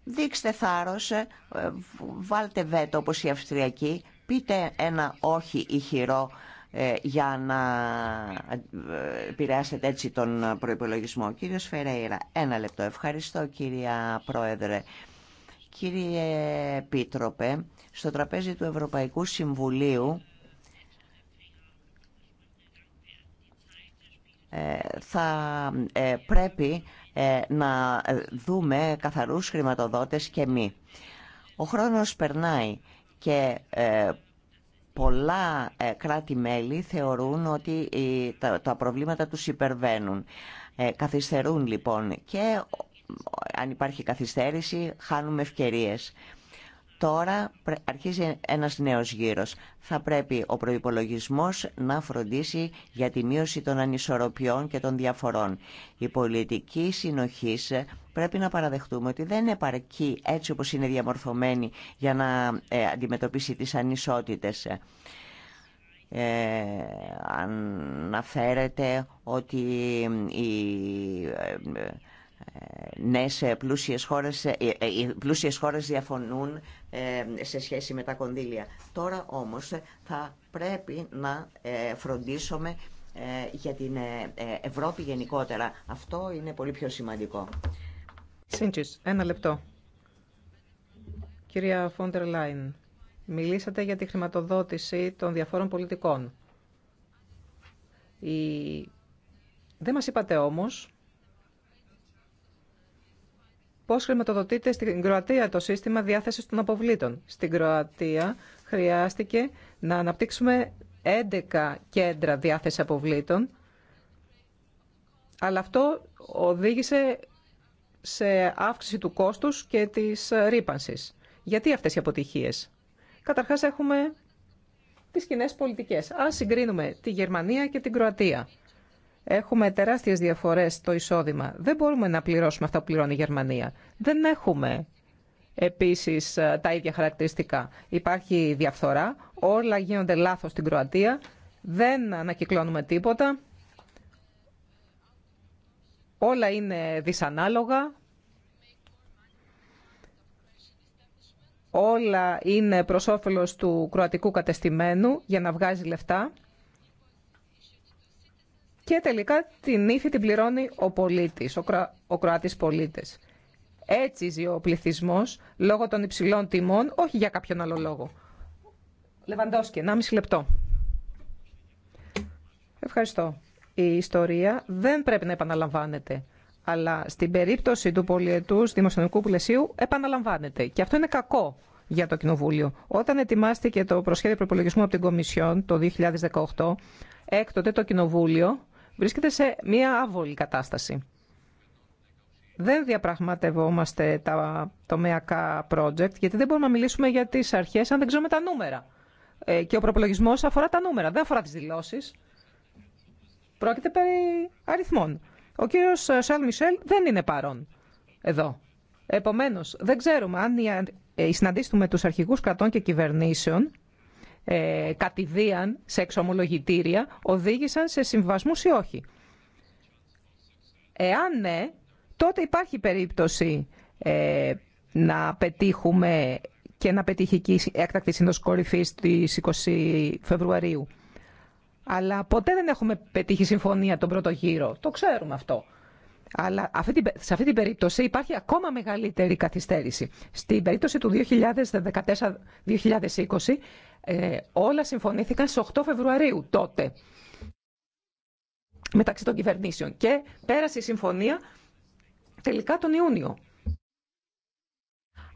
Speaker 1: Δείξτε θάρρος, ε, βάλτε βέτο όπως η Αυστριακή, πείτε ένα όχι ηχηρό για να επηρεάσετε έτσι τον προϋπολογισμό. Κύριος Φερέιρα, ένα λεπτό. Ευχαριστώ κυρία Πρόεδρε. Κύριε Πίτροπε, στο τραπέζι του Ευρωπαϊκού Συμβουλίου ε, θα ε, πρέπει ε, να δούμε καθαρούς χρηματοδότες και μη. Ο χρόνος περνάει και πολλά κράτη-μέλη θεωρούν ότι τα προβλήματα τους υπερβαίνουν. Καθυστερούν λοιπόν και αν υπάρχει καθυστέρηση χάνουμε ευκαιρίες. Τώρα αρχίζει ένας νέος γύρος. Θα πρέπει ο προϋπολογισμός να φροντίσει για τη μείωση των ανισορροπιών και των διαφορών. Η πολιτική συνοχή ε, πρέπει να παραδεχτούμε ότι δεν επαρκεί έτσι όπως είναι διαμορφωμένη για να ε, αντιμετωπίσει τις ανισότητες. Ε, αναφέρεται ότι η ε, νέες ε, πλούσιες χώρες, ε, ε, οι πλούσιες χώρες διαφωνούν σε σχέση με τα κονδύλια. Τώρα όμως θα πρέπει να φροντίσουμε για την Ευρώπη γενικότερα. Αυτό είναι πολύ πιο σημαντικό. Σύντσις,
Speaker 2: ένα λεπτό. Κυρία Φόντερ Λάιν, μιλήσατε για τη χρηματοδότηση των διαφόρων πολιτικών. Η... Δεν μας είπατε όμως πώς χρηματοδοτείται στην Κροατία το σύστημα διάθεσης των αποβλήτων. Στην Κροατία χρειάστηκε να αναπτύξουμε 11 κέντρα διάθεση αποβλήτων, αλλά αυτό οδήγησε σε αύξηση του κόστους και της ρήπανσης. Γιατί αυτές οι αποτυχίες. Καταρχάς έχουμε τις κοινέ πολιτικές. Ας συγκρίνουμε τη Γερμανία και την Κροατία έχουμε τεράστιες διαφορές στο εισόδημα. Δεν μπορούμε να πληρώσουμε αυτά που πληρώνει η Γερμανία. Δεν έχουμε επίσης ε, τα ίδια χαρακτηριστικά. Υπάρχει διαφθορά, όλα γίνονται λάθος στην Κροατία, δεν ανακυκλώνουμε τίποτα, όλα είναι δυσανάλογα, όλα είναι προς όφελος του κροατικού κατεστημένου για να βγάζει λεφτά. Και τελικά την ύφη την πληρώνει ο πολίτη, ο, ο Κροάτης πολίτης. Έτσι ζει ο πληθυσμό λόγω των υψηλών τιμών, όχι για κάποιον άλλο λόγο. Λεβαντόσκι, 1,5 λεπτό. Ευχαριστώ. Η ιστορία δεν πρέπει να επαναλαμβάνεται. Αλλά στην περίπτωση του πολιετούς δημοσιονομικού πλαισίου επαναλαμβάνεται. Και αυτό είναι κακό για το Κοινοβούλιο. Όταν ετοιμάστηκε το προσχέδιο προπολογισμού από την Κομισιόν το 2018, έκτοτε το Κοινοβούλιο βρίσκεται σε μία άβολη κατάσταση. Δεν διαπραγματευόμαστε τα τομεακά project, γιατί δεν μπορούμε να μιλήσουμε για τις αρχές αν δεν ξέρουμε τα νούμερα. Ε, και ο προπολογισμός αφορά τα νούμερα, δεν αφορά τις δηλώσεις. Πρόκειται περί αριθμών. Ο κύριος Σαλμισελ δεν είναι παρόν εδώ. Επομένως, δεν ξέρουμε αν οι ε, συναντήσεις του με τους αρχηγούς κρατών και κυβερνήσεων ε, κατηδίαν σε εξομολογητήρια οδήγησαν σε συμβασμούς ή όχι. Εάν ναι, τότε υπάρχει περίπτωση ε, να πετύχουμε και να πετύχει και η έκτακτη σύνδοση κορυφή τη 20 Φεβρουαρίου. Αλλά ποτέ δεν έχουμε πετύχει συμφωνία τον πρώτο γύρο. Το ξέρουμε αυτό. Αλλά σε αυτή την περίπτωση υπάρχει ακόμα μεγαλύτερη καθυστέρηση. Στην περίπτωση του 2014-2020 ε, όλα συμφωνήθηκαν στις 8 Φεβρουαρίου τότε μεταξύ των κυβερνήσεων και πέρασε η συμφωνία τελικά τον Ιούνιο.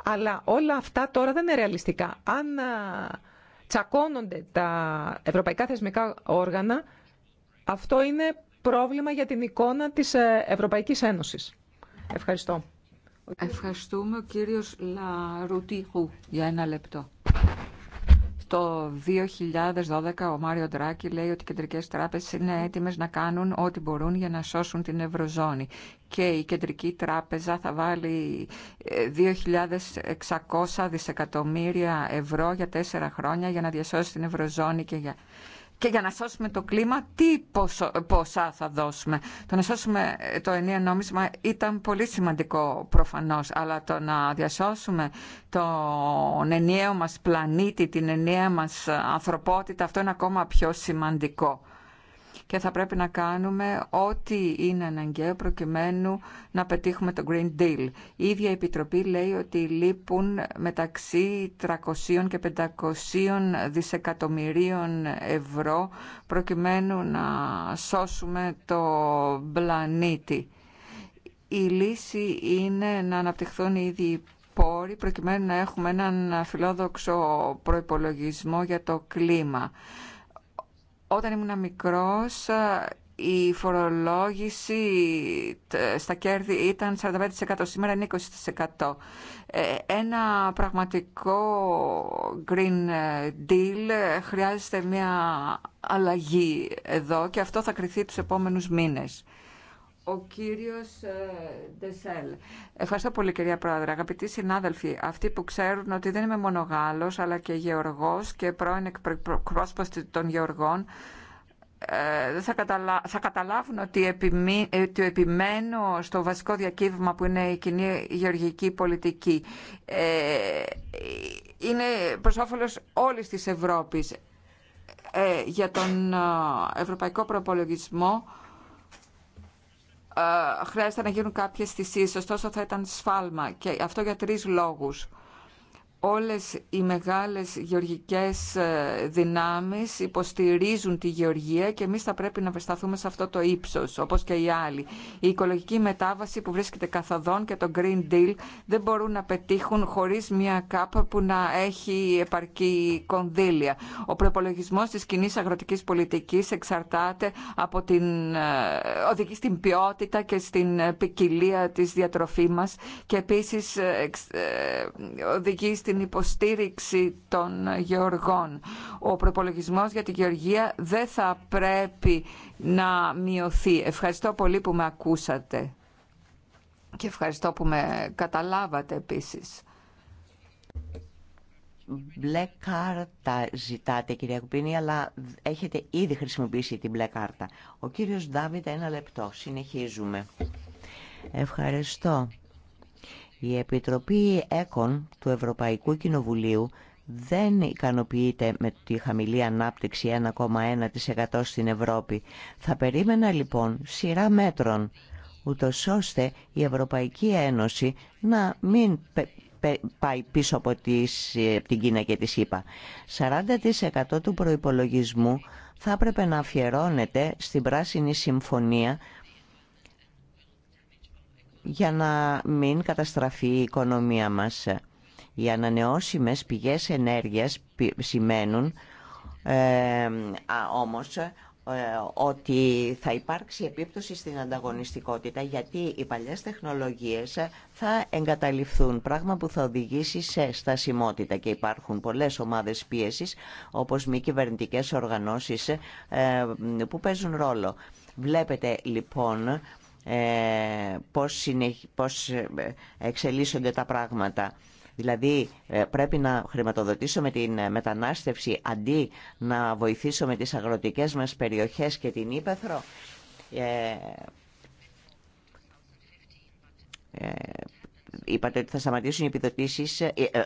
Speaker 2: Αλλά όλα αυτά τώρα δεν είναι ρεαλιστικά. Αν ε, τσακώνονται τα ευρωπαϊκά θεσμικά όργανα, αυτό είναι πρόβλημα για την εικόνα της ε, Ευρωπαϊκής Ένωσης. Ευχαριστώ.
Speaker 3: Ευχαριστούμε ο κύριος Λαρουτίχου για ένα λεπτό. Το 2012 ο Μάριο Ντράκη λέει ότι οι κεντρικές τράπεζες είναι έτοιμες να κάνουν ό,τι μπορούν για να σώσουν την Ευρωζώνη. Και η κεντρική τράπεζα θα βάλει 2.600 ε, δισεκατομμύρια ευρώ για τέσσερα χρόνια για να διασώσει την Ευρωζώνη και για και για να σώσουμε το κλίμα τι ποσά θα δώσουμε. Το να σώσουμε το ενιαίο νόμισμα ήταν πολύ σημαντικό προφανώς, αλλά το να διασώσουμε τον ενιαίο μας πλανήτη, την ενιαία μας ανθρωπότητα, αυτό είναι ακόμα πιο σημαντικό και θα πρέπει να κάνουμε ό,τι είναι αναγκαίο προκειμένου να πετύχουμε το Green Deal. Η ίδια η Επιτροπή λέει ότι λείπουν μεταξύ 300 και 500 δισεκατομμυρίων ευρώ προκειμένου να σώσουμε το πλανήτη. Η λύση είναι να αναπτυχθούν ήδη πόροι προκειμένου να έχουμε έναν φιλόδοξο προϋπολογισμό για το κλίμα. Όταν ήμουν μικρός ε, η φορολόγηση στα κέρδη ήταν 45%, σήμερα είναι 20%. Ε, ένα πραγματικό Green ε, Deal χρειάζεται μια αλλαγή εδώ και αυτό θα κριθεί τους επόμενους μήνες ο κύριος ε, Ντεσέλ. Ευχαριστώ πολύ κυρία Πρόεδρε. Αγαπητοί συνάδελφοι, αυτοί που ξέρουν ότι δεν είμαι μόνο Γάλλος αλλά και γεωργός και πρώην εκπρόσωπος των γεωργών ε, θα, καταλα... θα καταλάβουν ότι, ε, ότι επιμένω στο βασικό διακύβημα που είναι η κοινή γεωργική πολιτική. είναι προς όφελος όλης της Ευρώπης. για τον ευρωπαϊκό προπολογισμό ε, χρειάζεται να γίνουν κάποιες θυσίες, ωστόσο θα ήταν σφάλμα και αυτό για τρεις λόγους όλες οι μεγάλες γεωργικές ε, δυνάμεις υποστηρίζουν τη γεωργία και εμείς θα πρέπει να βεσταθούμε σε αυτό το ύψος, όπως και οι άλλοι. Η οικολογική μετάβαση που βρίσκεται καθοδόν και το Green Deal δεν μπορούν να πετύχουν χωρίς μια κάπα που να έχει επαρκή κονδύλια. Ο προπολογισμό της κοινή αγροτικής πολιτικής εξαρτάται από την, ε, οδηγεί στην ποιότητα και στην ποικιλία της διατροφή μας και επίσης ε, οδηγεί στην την υποστήριξη των γεωργών. Ο προπολογισμό για τη γεωργία δεν θα πρέπει να μειωθεί. Ευχαριστώ πολύ που με ακούσατε και ευχαριστώ που με καταλάβατε επίσης. Μπλε κάρτα
Speaker 1: ζητάτε κυρία Κουπίνη, αλλά έχετε ήδη χρησιμοποιήσει την μπλε κάρτα. Ο κύριος Ντάβιτ ένα λεπτό. Συνεχίζουμε. Ευχαριστώ. Η Επιτροπή ΕΚΟΝ του Ευρωπαϊκού Κοινοβουλίου δεν ικανοποιείται με τη χαμηλή ανάπτυξη 1,1% στην Ευρώπη. Θα περίμενα λοιπόν σειρά μέτρων, ούτω ώστε η Ευρωπαϊκή Ένωση να μην πάει πίσω από την Κίνα και τη ΣΥΠΑ. 40% του προϋπολογισμού θα έπρεπε να αφιερώνεται στην Πράσινη Συμφωνία για να μην καταστραφεί η οικονομία μας. Οι ανανεώσιμες πηγές ενέργειας σημαίνουν ε, α, όμως ε, ότι θα υπάρξει επίπτωση στην ανταγωνιστικότητα γιατί οι παλιές τεχνολογίες θα εγκαταλειφθούν, πράγμα που θα οδηγήσει σε στασιμότητα και υπάρχουν πολλές ομάδες πίεσης όπως μη κυβερνητικέ οργανώσεις ε, που παίζουν ρόλο. Βλέπετε λοιπόν ε, πώς, πώς ε, εξελίσσονται τα πράγματα. Δηλαδή ε, πρέπει να χρηματοδοτήσουμε την μετανάστευση αντί να βοηθήσουμε τις αγροτικές μας περιοχές και την Ήπεθρο. Είπατε ότι θα σταματήσουν οι επιδοτήσεις,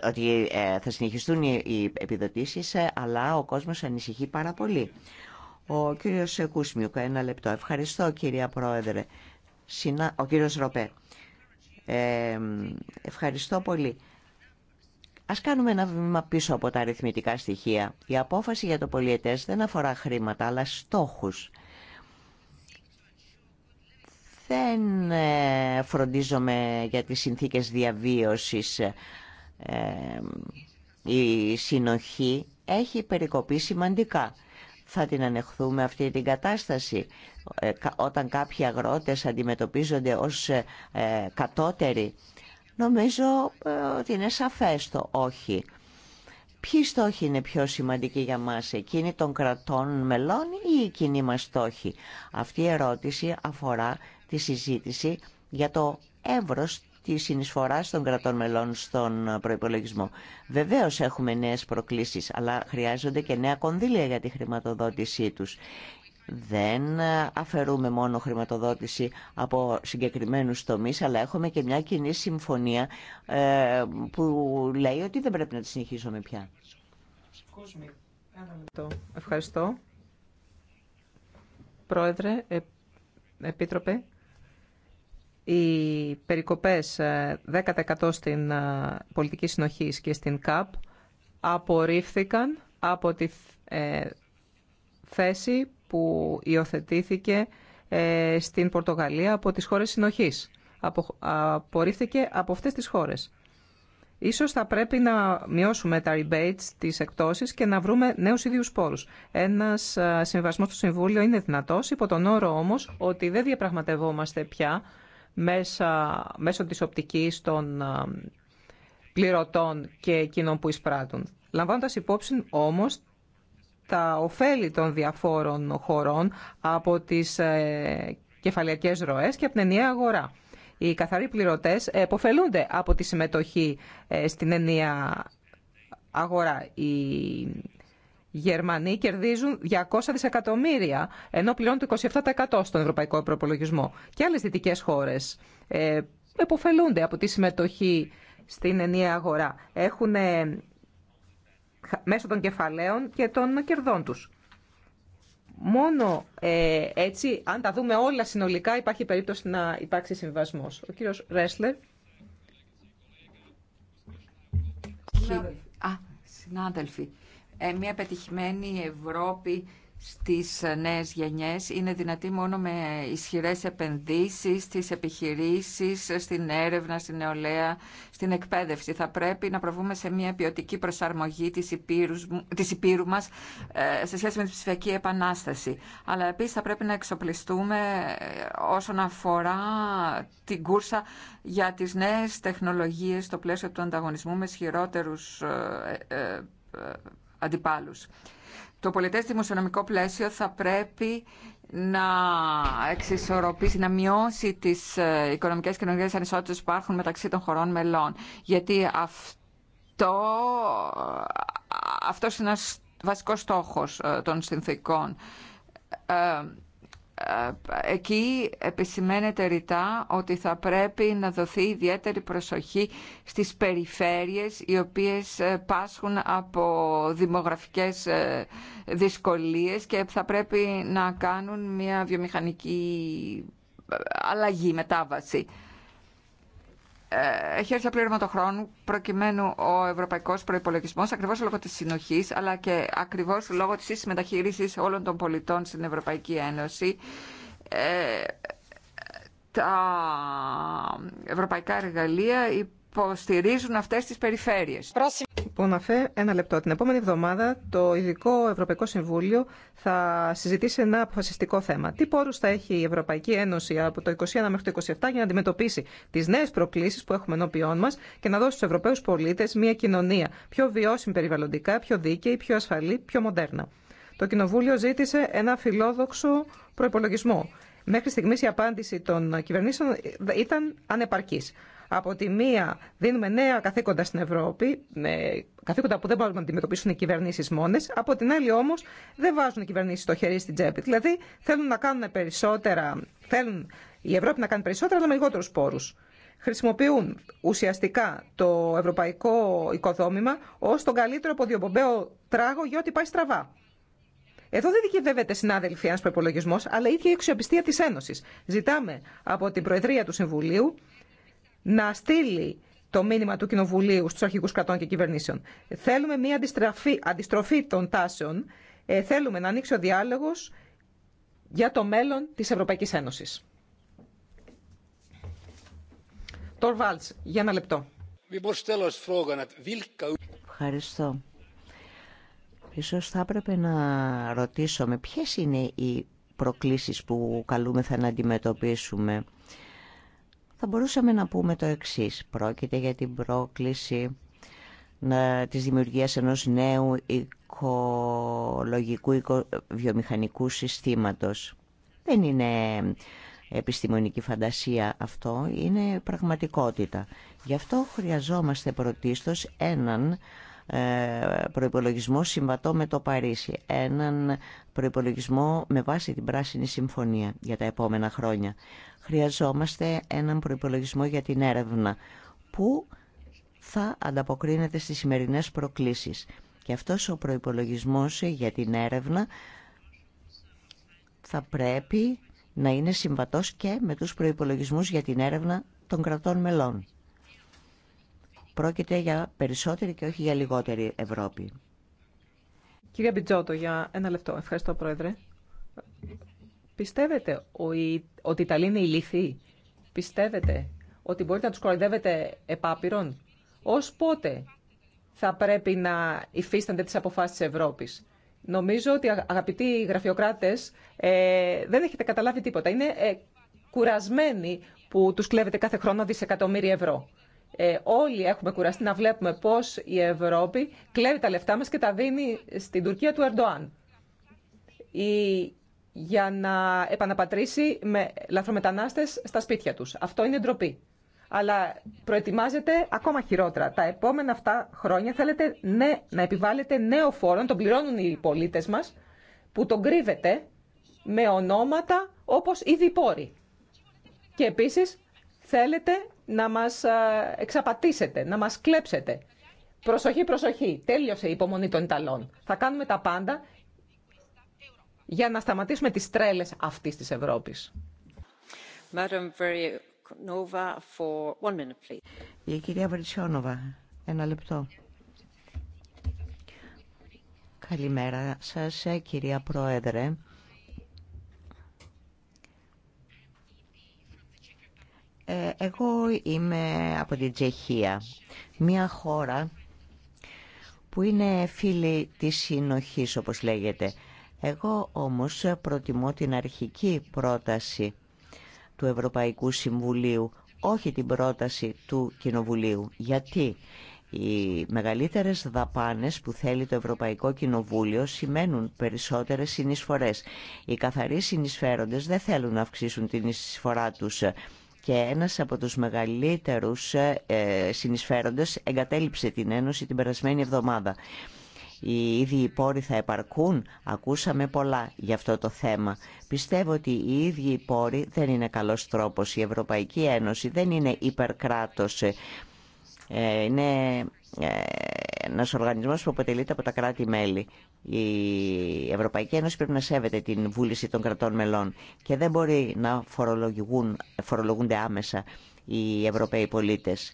Speaker 1: ότι θα συνεχιστούν οι επιδοτήσεις, αλλά ο κόσμος ανησυχεί πάρα πολύ. Ο κύριος Κούσμιουκ, ένα λεπτό. Ευχαριστώ κυρία Πρόεδρε. Ο κύριος Ροπέ. Ε, ευχαριστώ πολύ. Ας κάνουμε ένα βήμα πίσω από τα αριθμητικά στοιχεία. Η απόφαση για το πολιετές δεν αφορά χρήματα, αλλά στόχους. Δεν ε, φροντίζομαι για τις συνθήκες διαβίωσης. Ε, η συνοχή έχει περικοπεί σημαντικά θα την ανεχθούμε αυτή την κατάσταση ε, όταν κάποιοι αγρότες αντιμετωπίζονται ως ε, ε, κατώτεροι. Νομίζω ότι είναι σαφές το όχι. Ποιοι στόχοι είναι πιο σημαντικοί για μας, εκείνοι των κρατών μελών ή οι κοινοί μας στόχοι. Αυτή η ερώτηση αφορά τη συζήτηση για το εύρος τη συνεισφορά των κρατών μελών στον προπολογισμό. Βεβαίω έχουμε νέε προκλήσει, αλλά χρειάζονται και νέα κονδύλια για τη χρηματοδότησή του. Δεν αφαιρούμε μόνο χρηματοδότηση από συγκεκριμένους τομείς, αλλά έχουμε και μια κοινή συμφωνία ε, που λέει ότι δεν πρέπει να τη συνεχίσουμε πια.
Speaker 2: Ευχαριστώ. Πρόεδρε, ε, Επίτροπε, οι περικοπές 10% ε, στην ε, πολιτική συνοχή και στην ΚΑΠ απορρίφθηκαν από τη ε, θέση που υιοθετήθηκε στην Πορτογαλία από τις χώρες συνοχής. Απορρίφθηκε από αυτές τις χώρες. Ίσως θα πρέπει να μειώσουμε τα rebates, τις εκτόσεις και να βρούμε νέους ίδιους πόρους. Ένας συμβασμός στο Συμβούλιο είναι δυνατός, υπό τον όρο όμως ότι δεν διαπραγματευόμαστε πια μέσα, μέσω της οπτικής των ε, πληρωτών και εκείνων που εισπράττουν. Λαμβάνοντας υπόψη όμως τα ωφέλη των διαφόρων χωρών από τις ε, κεφαλιακές ροές και από την ενιαία αγορά. Οι καθαροί πληρωτές εποφελούνται από τη συμμετοχή ε, στην ενιαία αγορά. Γερμανοί κερδίζουν 200 δισεκατομμύρια, ενώ πληρώνουν το 27% στον ευρωπαϊκό προπολογισμό. Και άλλες δυτικές χώρες ε, εποφελούνται από τη συμμετοχή στην ενιαία αγορά. Έχουν ε, μέσω των κεφαλαίων και των κερδών τους. Μόνο ε, έτσι, αν τα δούμε όλα συνολικά, υπάρχει περίπτωση να υπάρξει συμβασμός. Ο κύριος Ρέσλερ.
Speaker 3: συνάδελφοι, ε, μια πετυχημένη Ευρώπη στις νέες γενιές είναι δυνατή μόνο με ισχυρές επενδύσεις στις επιχειρήσεις, στην έρευνα, στην νεολαία, στην εκπαίδευση. Θα πρέπει να προβούμε σε μια ποιοτική προσαρμογή της υπήρου, της υπήρου μας ε, σε σχέση με τη ψηφιακή επανάσταση. Αλλά επίσης θα πρέπει να εξοπλιστούμε ε, όσον αφορά την κούρσα για τις νέες τεχνολογίες στο πλαίσιο του ανταγωνισμού με ισχυρότερους αντιπάλους. Το πολιτές δημοσιονομικό πλαίσιο θα πρέπει να εξισορροπήσει, να μειώσει τις ε, οικονομικές και κοινωνικές ανισότητες που υπάρχουν μεταξύ των χωρών μελών. Γιατί αυτό, ε, αυτός είναι ένας βασικός στόχος ε, των συνθήκων. Εκεί επισημαίνεται ρητά ότι θα πρέπει να δοθεί ιδιαίτερη προσοχή στις περιφέρειες οι οποίες ε, πάσχουν από δημογραφικές ε, δυσκολίες και θα πρέπει να κάνουν μια βιομηχανική ε, αλλαγή, μετάβαση έχει έρθει πλήρωμα του χρόνο προκειμένου ο ευρωπαϊκό προπολογισμό ακριβώ λόγω τη συνοχή αλλά και ακριβώ λόγω τη ίση όλων των πολιτών στην Ευρωπαϊκή Ένωση. Ε, τα ευρωπαϊκά εργαλεία υποστηρίζουν αυτές τις περιφέρειες.
Speaker 2: Λοιπόν, αφέ, ένα λεπτό. Την επόμενη εβδομάδα το Ειδικό Ευρωπαϊκό Συμβούλιο θα συζητήσει ένα αποφασιστικό θέμα. Τι πόρους θα έχει η Ευρωπαϊκή Ένωση από το 2021 μέχρι το 2027 για να αντιμετωπίσει τις νέες προκλήσεις που έχουμε ενώπιόν μας και να δώσει στους Ευρωπαίους πολίτες μια κοινωνία πιο βιώσιμη περιβαλλοντικά, πιο δίκαιη, πιο ασφαλή, πιο μοντέρνα. Το Κοινοβούλιο ζήτησε ένα φιλόδοξο προπολογισμό. Μέχρι στιγμή η απάντηση των κυβερνήσεων ήταν ανεπαρκή. Από τη μία δίνουμε νέα καθήκοντα στην Ευρώπη, με καθήκοντα που δεν μπορούν να αντιμετωπίσουν οι κυβερνήσει μόνε. Από την άλλη όμω δεν βάζουν οι κυβερνήσει το χέρι στην τσέπη. Δηλαδή θέλουν να κάνουν περισσότερα, θέλουν η Ευρώπη να κάνει περισσότερα αλλά με λιγότερου πόρου χρησιμοποιούν ουσιαστικά το ευρωπαϊκό οικοδόμημα ω τον καλύτερο αποδιοπομπαίο τράγο για ό,τι πάει στραβά. Εδώ δεν δικαιολογείται, συνάδελφοι, ένα προπολογισμό, αλλά η ίδια η αξιοπιστία τη Ένωση. Ζητάμε από την Προεδρία του Συμβουλίου να στείλει το μήνυμα του Κοινοβουλίου στους αρχικούς κρατών και κυβερνήσεων. Θέλουμε μια αντιστροφή, των τάσεων. Ε, θέλουμε να ανοίξει ο διάλογος για το μέλλον της Ευρωπαϊκής Ένωσης. Τόρβαλτς, για ένα λεπτό. Ευχαριστώ. Ίσως θα
Speaker 1: έπρεπε να ρωτήσουμε ποιες είναι οι προκλήσεις που καλούμεθα να αντιμετωπίσουμε θα μπορούσαμε να πούμε το εξής. Πρόκειται για την πρόκληση ε, της δημιουργίας ενός νέου οικολογικού βιομηχανικού συστήματος. Δεν είναι επιστημονική φαντασία αυτό, είναι πραγματικότητα. Γι' αυτό χρειαζόμαστε πρωτίστως έναν ε, προϋπολογισμό συμβατό με το Παρίσι, έναν προϋπολογισμό με βάση την Πράσινη Συμφωνία για τα επόμενα χρόνια. Χρειαζόμαστε έναν προϋπολογισμό για την έρευνα που θα ανταποκρίνεται στις σημερινές προκλήσεις. Και αυτός ο προϋπολογισμός για την έρευνα θα πρέπει να είναι συμβατός και με τους προϋπολογισμούς για την έρευνα των κρατών μελών. Πρόκειται για περισσότερη και όχι για λιγότερη Ευρώπη.
Speaker 2: Κύριε Μπιτζότο, για ένα λεπτό. Ευχαριστώ, Πρόεδρε. Πιστεύετε ότι οι Ιταλοί είναι ηλίθιοι. Πιστεύετε ότι μπορείτε να τους κοροϊδεύετε επάπειρον. Ως πότε θα πρέπει να υφίστανται τις αποφάσεις της Ευρώπης. Νομίζω ότι αγαπητοί γραφειοκράτες ε, δεν έχετε καταλάβει τίποτα. Είναι ε, κουρασμένοι που τους κλέβετε κάθε χρόνο δισεκατομμύρια ευρώ. Ε, όλοι έχουμε κουραστεί να βλέπουμε πώς η Ευρώπη κλέβει τα λεφτά μας και τα δίνει στην Τουρκία του Ερντοάν για να επαναπατρίσει με λαθρομετανάστες στα σπίτια τους. Αυτό είναι ντροπή. Αλλά προετοιμάζεται ακόμα χειρότερα. Τα επόμενα αυτά χρόνια θέλετε ναι, να επιβάλλετε νέο φόρο, τον πληρώνουν οι πολίτες μας, που τον κρύβεται με ονόματα όπως οι διπόροι. Και επίσης θέλετε να μας ε, εξαπατήσετε, να μας κλέψετε. Προσοχή, προσοχή. Τέλειωσε η υπομονή των Ιταλών. Θα κάνουμε τα πάντα για να σταματήσουμε τις τρέλες αυτής της Ευρώπης. Η κυρία
Speaker 1: Βρυσιόνοβα, ένα λεπτό. Καλημέρα σας, ε, κυρία Πρόεδρε. Ε, εγώ είμαι από την Τσεχία, μια χώρα που είναι φίλη της συνοχής, όπως λέγεται. Εγώ όμως προτιμώ την αρχική πρόταση του Ευρωπαϊκού Συμβουλίου, όχι την πρόταση του Κοινοβουλίου. Γιατί οι μεγαλύτερες δαπάνες που θέλει το Ευρωπαϊκό Κοινοβούλιο σημαίνουν περισσότερες συνεισφορές. Οι καθαροί συνεισφέροντες δεν θέλουν να αυξήσουν την εισφορά τους και ένας από τους μεγαλύτερους ε, συνεισφέροντες εγκατέλειψε την Ένωση την περασμένη εβδομάδα οι ίδιοι πόροι θα επαρκούν. Ακούσαμε πολλά για αυτό το θέμα. Πιστεύω ότι οι ίδιοι πόροι δεν είναι καλός τρόπος. Η Ευρωπαϊκή Ένωση δεν είναι υπερκράτος. Ε, είναι ε, ένα οργανισμό που αποτελείται από τα κράτη-μέλη. Η Ευρωπαϊκή Ένωση πρέπει να σέβεται την βούληση των κρατών μελών και δεν μπορεί να φορολογούνται άμεσα οι Ευρωπαίοι πολίτες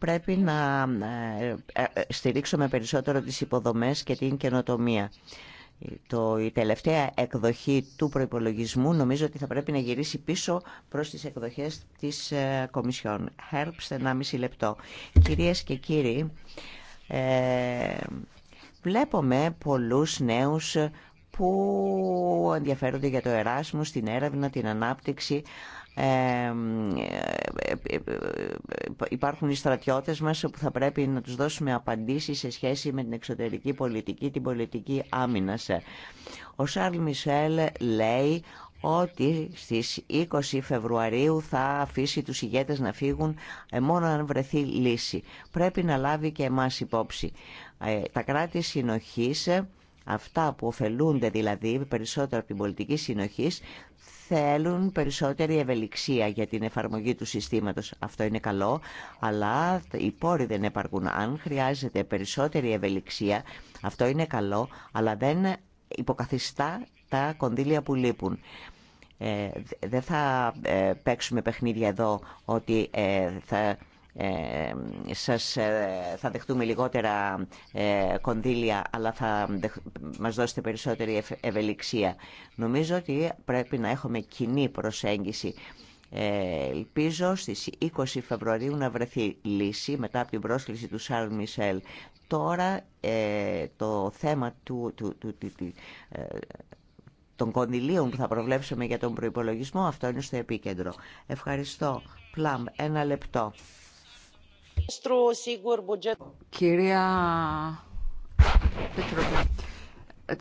Speaker 1: πρέπει να ε, ε, ε, στηρίξουμε περισσότερο τις υποδομές και την καινοτομία. Το, η τελευταία εκδοχή του προϋπολογισμού νομίζω ότι θα πρέπει να γυρίσει πίσω προς τις εκδοχές της ε, Κομισιόν. ένα 1,5 λεπτό. Κυρίες και κύριοι, ε, βλέπουμε πολλούς νέους που ενδιαφέρονται για το έρασμο, την έρευνα, την ανάπτυξη, υπάρχουν οι στρατιώτες μας που θα πρέπει να τους δώσουμε απαντήσεις σε σχέση με την εξωτερική πολιτική, την πολιτική άμυνας. Ο Σάρλ Μισελ λέει ότι στις 20 Φεβρουαρίου θα αφήσει τους ηγέτες να φύγουν μόνο αν βρεθεί λύση. Πρέπει να λάβει και εμάς υπόψη. Τα κράτη συνοχής, αυτά που ωφελούνται δηλαδή περισσότερο από την πολιτική συνοχής, θέλουν περισσότερη ευελιξία για την εφαρμογή του συστήματος. Αυτό είναι καλό, αλλά οι πόροι δεν επαρκούν. Αν χρειάζεται περισσότερη ευελιξία, αυτό είναι καλό, αλλά δεν υποκαθιστά τα κονδύλια που λείπουν. Ε, δεν θα ε, παίξουμε παιχνίδια εδώ ότι ε, θα ε, σας, ε, θα δεχτούμε λιγότερα ε, κονδύλια αλλά θα δεχ, μας δώσετε περισσότερη ευελιξία. Νομίζω ότι πρέπει να έχουμε κοινή προσέγγιση. Ε, ελπίζω στις 20 Φεβρουαρίου να βρεθεί λύση μετά από την πρόσκληση του Σαρλ Μισελ. Τώρα το θέμα του, του, του, του των κονδυλίων που θα προβλέψουμε για τον προϋπολογισμό αυτό είναι στο επίκεντρο. Ευχαριστώ. Πλάμ, ένα λεπτό.
Speaker 3: Κυρία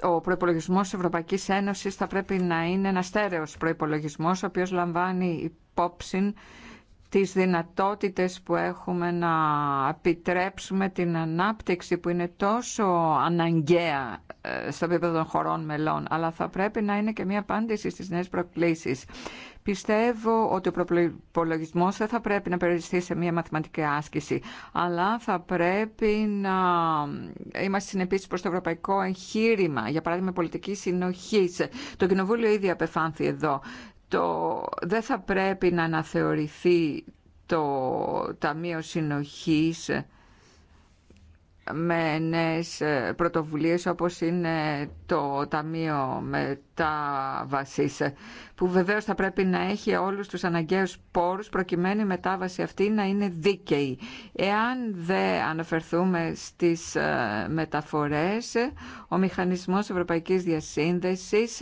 Speaker 3: ο προπολογισμό τη Ευρωπαϊκή Ένωση θα πρέπει να είναι ένα στέρεο προπολογισμό, ο οποίο λαμβάνει υπόψη τις δυνατότητες που έχουμε να επιτρέψουμε την ανάπτυξη που είναι τόσο αναγκαία ε, στο επίπεδο των χωρών μελών, αλλά θα πρέπει να είναι και μια απάντηση στις νέες προκλήσεις. Πιστεύω ότι ο προπολογισμό δεν θα πρέπει να περιοριστεί σε μια μαθηματική άσκηση, αλλά θα πρέπει να είμαστε συνεπεί προ το ευρωπαϊκό εγχείρημα, για παράδειγμα πολιτική συνοχή. Το Κοινοβούλιο ήδη απεφάνθη εδώ το, δεν θα πρέπει να αναθεωρηθεί το Ταμείο Συνοχής με νέες ε, πρωτοβουλίες όπως είναι το Ταμείο Μετάβασης που βεβαίως θα πρέπει να έχει όλους τους αναγκαίους πόρους προκειμένου η μετάβαση αυτή να είναι δίκαιη. Εάν δεν αναφερθούμε στις ε, μεταφορές, ο Μηχανισμός Ευρωπαϊκής Διασύνδεσης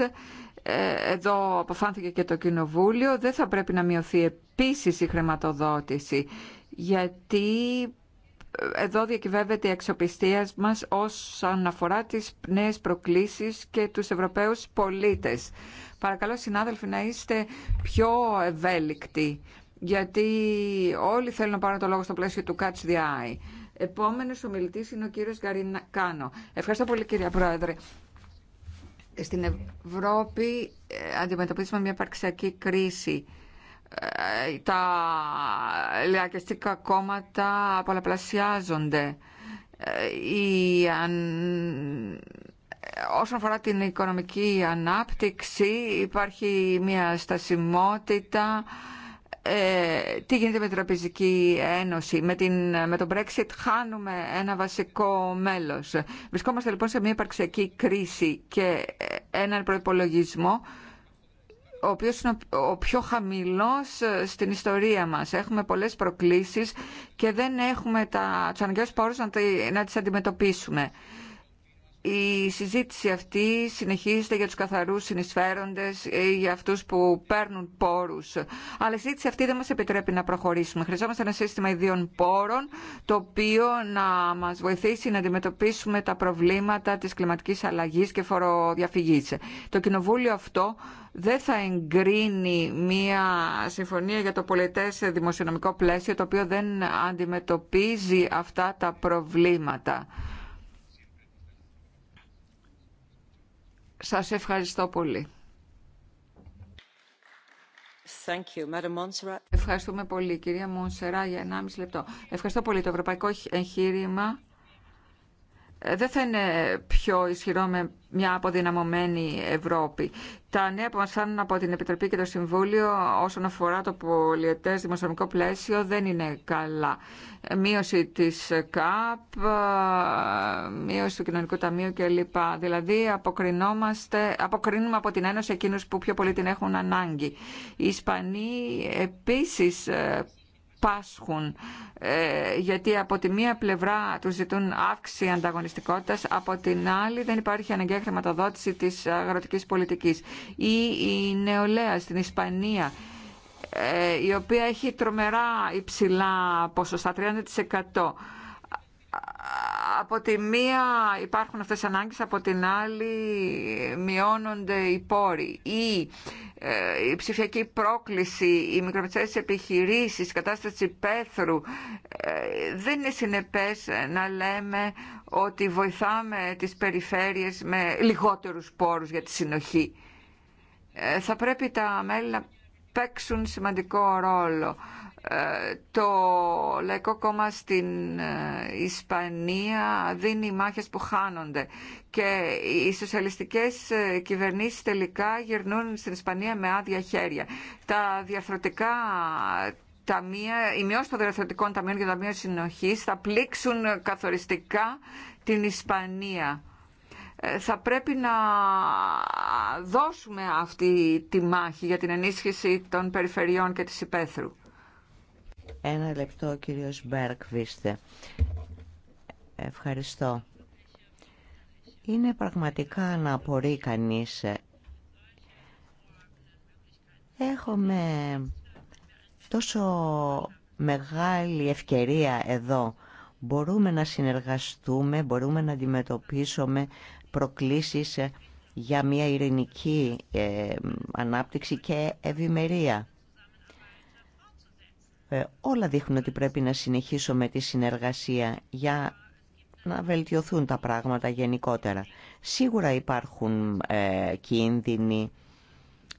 Speaker 3: ε, εδώ αποφάνθηκε και το Κοινοβούλιο, δεν θα πρέπει να μειωθεί επίσης η χρηματοδότηση, γιατί ε, εδώ διακυβεύεται η αξιοπιστία μας όσον αφορά τις νέες προκλήσεις και τους Ευρωπαίους πολίτες. Παρακαλώ συνάδελφοι να είστε πιο ευέλικτοι, γιατί όλοι θέλουν να πάρουν το λόγο στο πλαίσιο του Catch the Eye. Επόμενος ομιλητής είναι ο κύριος Γαρινακάνο. Ευχαριστώ πολύ κύριε Πρόεδρε. Στην Ευρώπη ε, αντιμετωπίζουμε μια υπαρξιακή κρίση. Ε, τα λαϊκιστικά κόμματα πολλαπλασιάζονται. Ε, η όσον αφορά την οικονομική ανάπτυξη υπάρχει μια στασιμότητα ε, τι γίνεται με την Τραπεζική Ένωση. Με, την, τον Brexit χάνουμε ένα βασικό μέλος. Βρισκόμαστε λοιπόν σε μια υπαρξιακή κρίση και έναν προπολογισμό ο οποίος είναι ο πιο χαμηλός ε, στην ιστορία μας. Έχουμε πολλές προκλήσεις και δεν έχουμε τα, τους αναγκαίους πόρους να, να τις αντιμετωπίσουμε. Η συζήτηση αυτή συνεχίζεται για τους καθαρούς συνεισφέροντες, ε, για αυτούς που παίρνουν πόρους. Αλλά η συζήτηση αυτή δεν μας επιτρέπει να προχωρήσουμε. Χρειαζόμαστε ένα σύστημα ιδίων πόρων, το οποίο να μας βοηθήσει να αντιμετωπίσουμε τα προβλήματα της κλιματικής αλλαγής και φοροδιαφυγής. Το κοινοβούλιο αυτό δεν θα εγκρίνει μία συμφωνία για το πολιτές δημοσιονομικό πλαίσιο, το οποίο δεν αντιμετωπίζει αυτά τα προβλήματα. Σας ευχαριστώ πολύ. Thank you, Madam Ευχαριστούμε πολύ, κυρία Μονσερά, για 1,5 λεπτό. Ευχαριστώ πολύ. Το ευρωπαϊκό εγχείρημα ε, δεν θα είναι πιο ισχυρό με μια αποδυναμωμένη Ευρώπη. Τα νέα που μας φάνουν από την Επιτροπή και το Συμβούλιο όσον αφορά το πολιετές δημοσιονομικό πλαίσιο δεν είναι καλά. Ε, μείωση της ΚΑΠ, ε, μείωση του Κοινωνικού Ταμείου κλπ. Δηλαδή αποκρινόμαστε, αποκρίνουμε από την Ένωση εκείνους που πιο πολύ την έχουν ανάγκη. Οι Ισπανοί επίσης πάσχουν ε, γιατί από τη μία πλευρά τους ζητούν αύξηση ανταγωνιστικότητας, από την άλλη δεν υπάρχει αναγκαία χρηματοδότηση της αγροτικής πολιτικής. Ή η νεολαία στην Ισπανία ε, η οποία έχει τρομερά υψηλά ποσοστά, 30% από τη μία υπάρχουν αυτές οι ανάγκες, από την άλλη μειώνονται οι πόροι. Ή ε, η ψηφιακή πρόκληση, οι μικρομεσαίες επιχειρήσεις, η κατάσταση πέθρου. Ε, δεν είναι συνεπές να λέμε ότι βοηθάμε τις περιφέρειες με λιγότερους πόρους για τη συνοχή. Ε, θα πρέπει τα μέλη να παίξουν σημαντικό ρόλο. Ε, το Λαϊκό Κόμμα στην ε, Ισπανία δίνει μάχες που χάνονται και οι σοσιαλιστικές ε, κυβερνήσεις τελικά γυρνούν στην Ισπανία με άδεια χέρια. Τα διαφορετικά ταμεία, η μειώση των διαφορετικών ταμείων για τα ταμείων συνοχής θα πλήξουν καθοριστικά την Ισπανία. Θα πρέπει να δώσουμε αυτή τη μάχη για την ενίσχυση των περιφερειών και της υπαίθρου.
Speaker 1: Ένα λεπτό, κύριος Μπέρκβιστε. Ευχαριστώ. Είναι πραγματικά να απορεί κανείς. Έχουμε τόσο μεγάλη ευκαιρία εδώ. Μπορούμε να συνεργαστούμε, μπορούμε να αντιμετωπίσουμε προκλήσεις για μια ειρηνική ε, ανάπτυξη και ευημερία. Ε, όλα δείχνουν ότι πρέπει να συνεχίσουμε τη συνεργασία για να βελτιωθούν τα πράγματα γενικότερα. Σίγουρα υπάρχουν ε, κίνδυνοι,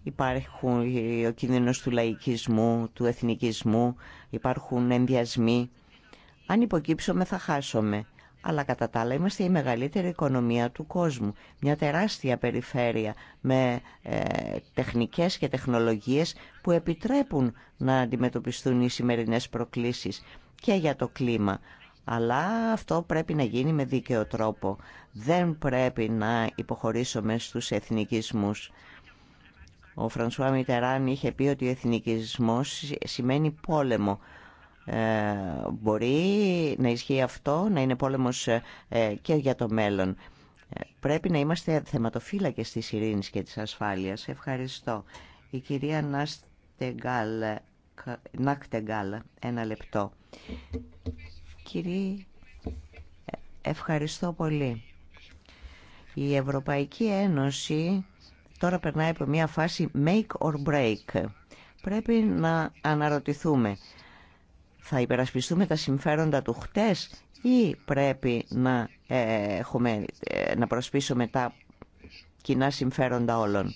Speaker 1: υπάρχουν ε, ο κίνδυνος του λαϊκισμού, του εθνικισμού, υπάρχουν ενδιασμοί. Αν υποκύψουμε θα χάσουμε αλλά κατά τα άλλα είμαστε η μεγαλύτερη οικονομία του κόσμου. Μια τεράστια περιφέρεια με ε, τεχνικές και τεχνολογίες που επιτρέπουν να αντιμετωπιστούν οι σημερινές προκλήσεις και για το κλίμα. Αλλά αυτό πρέπει να γίνει με δίκαιο τρόπο. Δεν πρέπει να υποχωρήσουμε στους εθνικισμούς. Ο Φρανσουά Μιτεράν είχε πει ότι ο εθνικισμός σημαίνει πόλεμο. Ε, μπορεί να ισχύει αυτό, να είναι πόλεμος ε, και για το μέλλον. Ε, πρέπει να είμαστε θεματοφύλακες της ειρήνης και της ασφάλειας. Ευχαριστώ. Η κυρία Νάκτεγκάλ, ένα λεπτό. Κύριε, ευχαριστώ πολύ. Η Ευρωπαϊκή Ένωση τώρα περνάει από μια φάση make or break. Πρέπει να αναρωτηθούμε θα υπερασπιστούμε τα συμφέροντα του χτες ή πρέπει να, ε, έχουμε, ε, να προσπίσουμε τα κοινά συμφέροντα όλων.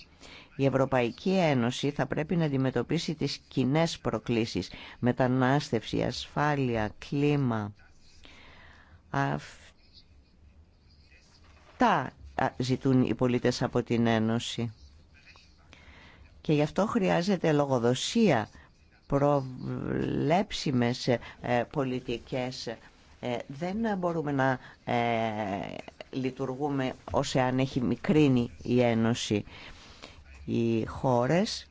Speaker 1: Η Ευρωπαϊκή Ένωση θα πρέπει να να προσπισουμε τα κοινα συμφεροντα ολων η ευρωπαικη ενωση θα πρεπει να αντιμετωπισει τις κοινέ προκλήσεις. Μετανάστευση, ασφάλεια, κλίμα. Αυτά ζητούν οι πολίτες από την Ένωση. Και γι' αυτό χρειάζεται λογοδοσία προβλέψιμες ε, πολιτικές ε, δεν μπορούμε να ε, λειτουργούμε όσο αν έχει μικρύνει η Ένωση. Οι χώρες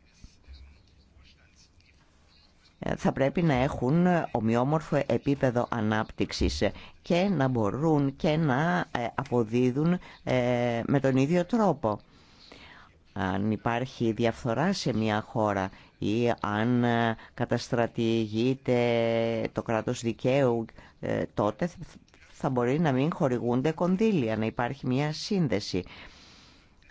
Speaker 1: θα πρέπει να έχουν ομοιόμορφο επίπεδο ανάπτυξης και να μπορούν και να αποδίδουν με τον ίδιο τρόπο. Αν υπάρχει διαφθορά σε μια χώρα ή αν ε, καταστρατηγείται το κράτος δικαίου, ε, τότε θα μπορεί να μην χορηγούνται κονδύλια, να υπάρχει μια σύνδεση.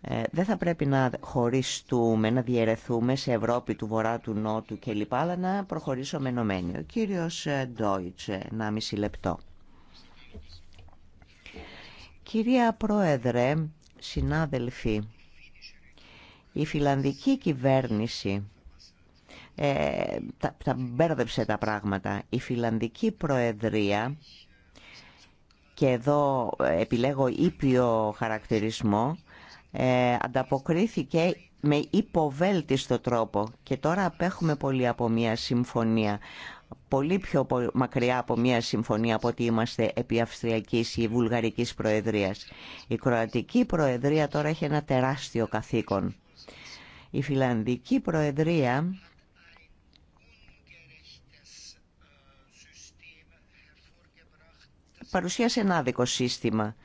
Speaker 1: Ε, δεν θα πρέπει να χωριστούμε, να διαιρεθούμε σε Ευρώπη του Βορρά, του Νότου κλπ. Αλλά να προχωρήσουμε ενωμένοι. Ο κύριος ε, Ντόιτς, μισή λεπτό. Κυρία Πρόεδρε, συνάδελφοι, η φιλανδική κυβέρνηση ε, τα, τα μπέρδεψε τα πράγματα. Η Φιλανδική Προεδρία, και εδώ ε, επιλέγω ήπιο χαρακτηρισμό, ε, ανταποκρίθηκε με υποβέλτιστο τρόπο και τώρα απέχουμε πολύ από μια συμφωνία πολύ πιο μακριά από μια συμφωνία από ότι είμαστε επί Αυστριακής ή Βουλγαρικής Προεδρίας. Η Κροατική Προεδρία τώρα έχει ένα τεράστιο καθήκον. Η Φιλανδική Προεδρία παρουσίασε ένα άδικο σύστημα,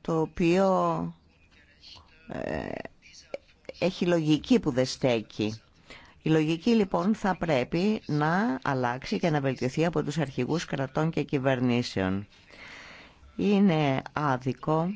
Speaker 1: το οποίο ε, έχει λογική που δεν στέκει. Η λογική λοιπόν θα πρέπει να αλλάξει και να βελτιωθεί από τους αρχηγούς κρατών και κυβερνήσεων. Είναι άδικο